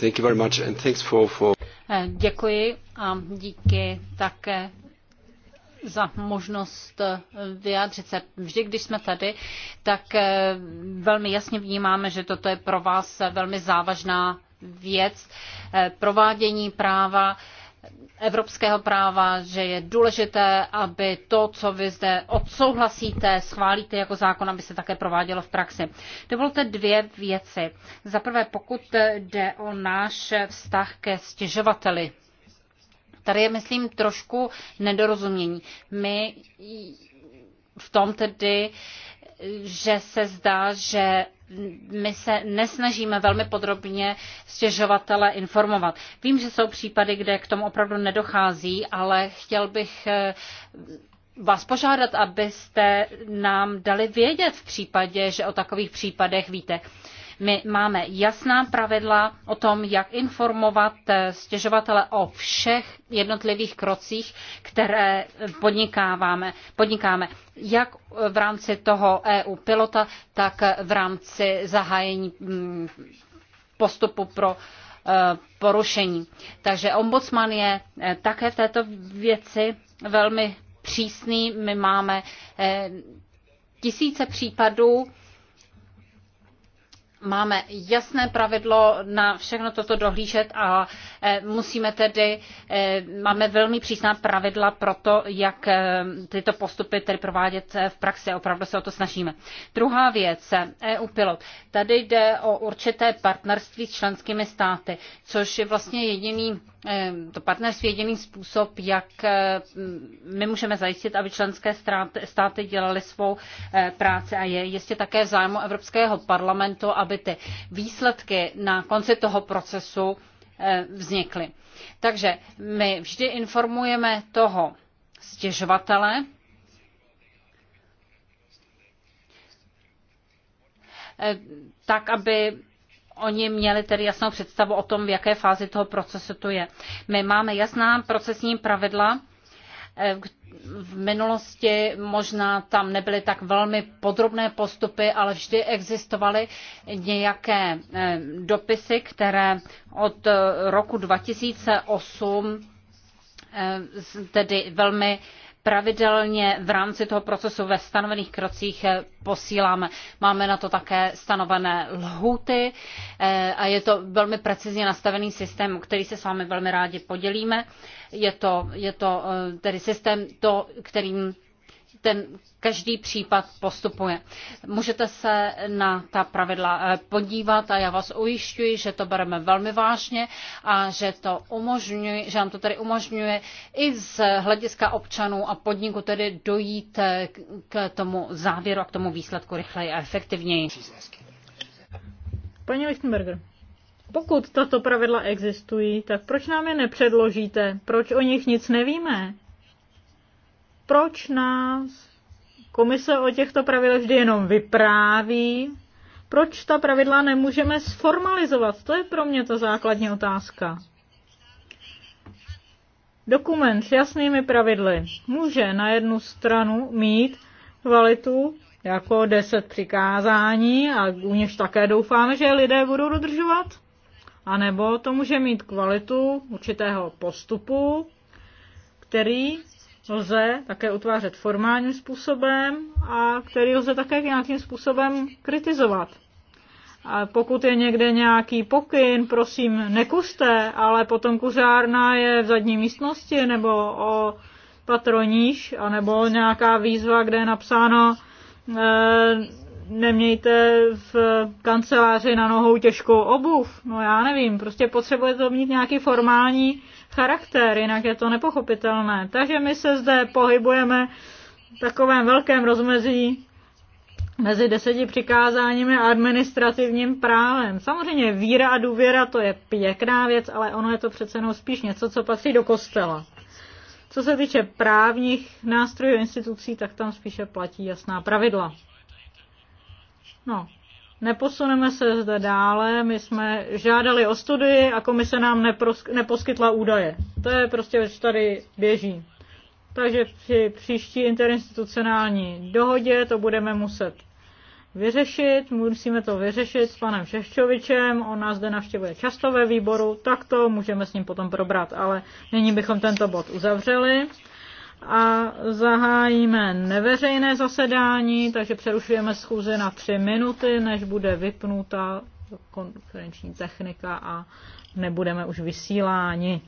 Thank you very much and thanks for, for... Eh, děkuji a díky také za možnost eh, vyjádřit se. Vždy, když jsme tady, tak velmi jasně vnímáme, že toto je pro vás velmi závažná věc. Provádění práva evropského práva, že je důležité, aby to, co vy zde odsouhlasíte, schválíte jako zákon, aby se také provádělo v praxi. Dovolte dvě věci. Za prvé, pokud jde o náš vztah ke stěžovateli. Tady je, myslím, trošku nedorozumění. My v tom tedy uh, že se zdá, že my se nesnažíme velmi podrobně stěžovatele informovat. Vím, že jsou případy, kde k tomu opravdu nedochází, ale chtěl bych eh, vás požádat, abyste nám dali vědět v případě, že o takových případech víte. My máme jasná pravidla o tom, jak informovat eh, stěžovatele o všech jednotlivých krocích, které podnikáváme, podnikáme jak v rámci toho EU pilota, tak v rámci zahájení mm, postupu pro eh, porušení. Takže ombudsman je eh, také v této věci velmi přísný. My máme tisíce případů máme jasné pravidlo na všechno toto dohlížet a eh, musíme tedy, eh, máme velmi přísná pravidla pro to, jak eh, tyto postupy tedy provádět v praxi. Opravdu se o to snažíme. Druhá věc, EU e pilot. Tady jde o určité partnerství s členskými státy, což je vlastně jediný to partnerství je jediný způsob, jak my můžeme zajistit, aby členské státy dělaly svou práci a je jistě také v zájmu Evropského parlamentu, aby aby ty výsledky na konci toho procesu eh, vznikly. Takže my vždy informujeme toho stěžovatele, eh, tak, aby oni měli tedy jasnou představu o tom, v jaké fázi toho procesu to je. My máme jasná procesní pravidla, Eh, v minulosti možná tam nebyly tak velmi podrobné postupy, ale vždy existovaly nějaké eh, dopisy, které od eh, roku 2008 tedy velmi pravidelně v rámci toho procesu ve stanovených krocích eh, posíláme. Máme na to také stanovené lhuty eh, a je to velmi precizně nastavený systém, který se s vámi velmi rádi podělíme. Je to, je to eh, tedy systém, to, kterým ten každý případ postupuje. Můžete se na ta pravidla eh, podívat a já vás ujišťuji, že to bereme velmi vážně a že to umožňuje, že nám to tady umožňuje i z hlediska občanů a podniku tedy dojít eh, k tomu závěru a k tomu výsledku rychleji a efektivněji. Paní Lichtenberger, pokud tato pravidla existují, tak proč nám je nepředložíte? Proč o nich nic nevíme? Proč nás komise o těchto pravidlech vždy jenom vypráví? Proč ta pravidla nemůžeme sformalizovat? To je pro mě ta základní otázka. Dokument s jasnými pravidly může na jednu stranu mít kvalitu jako deset přikázání a u něž také doufáme, že lidé budou dodržovat. A nebo to může mít kvalitu určitého postupu, který lze také utvářet formálním způsobem a který lze také nějakým způsobem kritizovat. A pokud je někde nějaký pokyn, prosím, nekuste, ale potom kuřárna je v zadní místnosti nebo o patroníž, anebo nějaká výzva, kde je napsáno e, nemějte v kanceláři na nohou těžkou obuv. No já nevím, prostě potřebuje to mít nějaký formální charakter, jinak je to nepochopitelné. Takže my se zde pohybujeme v takovém velkém rozmezí mezi deseti přikázáními a administrativním právem. Samozřejmě víra a důvěra to je pěkná věc, ale ono je to přece jenom spíš něco, co patří do kostela. Co se týče právních nástrojů institucí, tak tam spíše platí jasná pravidla. No, Neposuneme se zde dále, my jsme žádali o studii a komise nám neposkytla údaje. To je prostě, co tady běží. Takže při příští interinstitucionální dohodě to budeme muset vyřešit, musíme to vyřešit s panem Šeščovičem, on nás zde navštěvuje často ve výboru, tak to můžeme s ním potom probrat, ale nyní bychom tento bod uzavřeli a zahájíme neveřejné zasedání, takže přerušujeme schůzi na tři minuty, než bude vypnuta konferenční technika a nebudeme už vysíláni.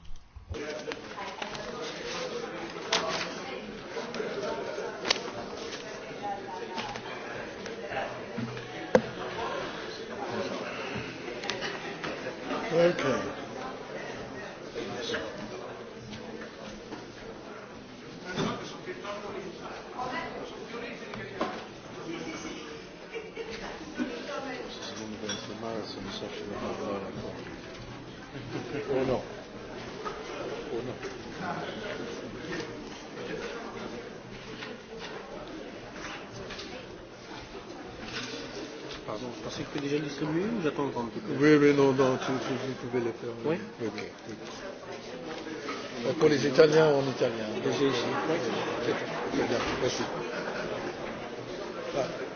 Okay. Uno. Uno. Pardon, je pensais que tu déjà distribué ou j'attends encore un petit peu Oui, mais non, non, tu, tu, tu pouvais les faire. Oui, oui Ok. Oui. Euh, pour les Italiens, en italien. Les Italiens. Oui. Très bien, merci. Ah.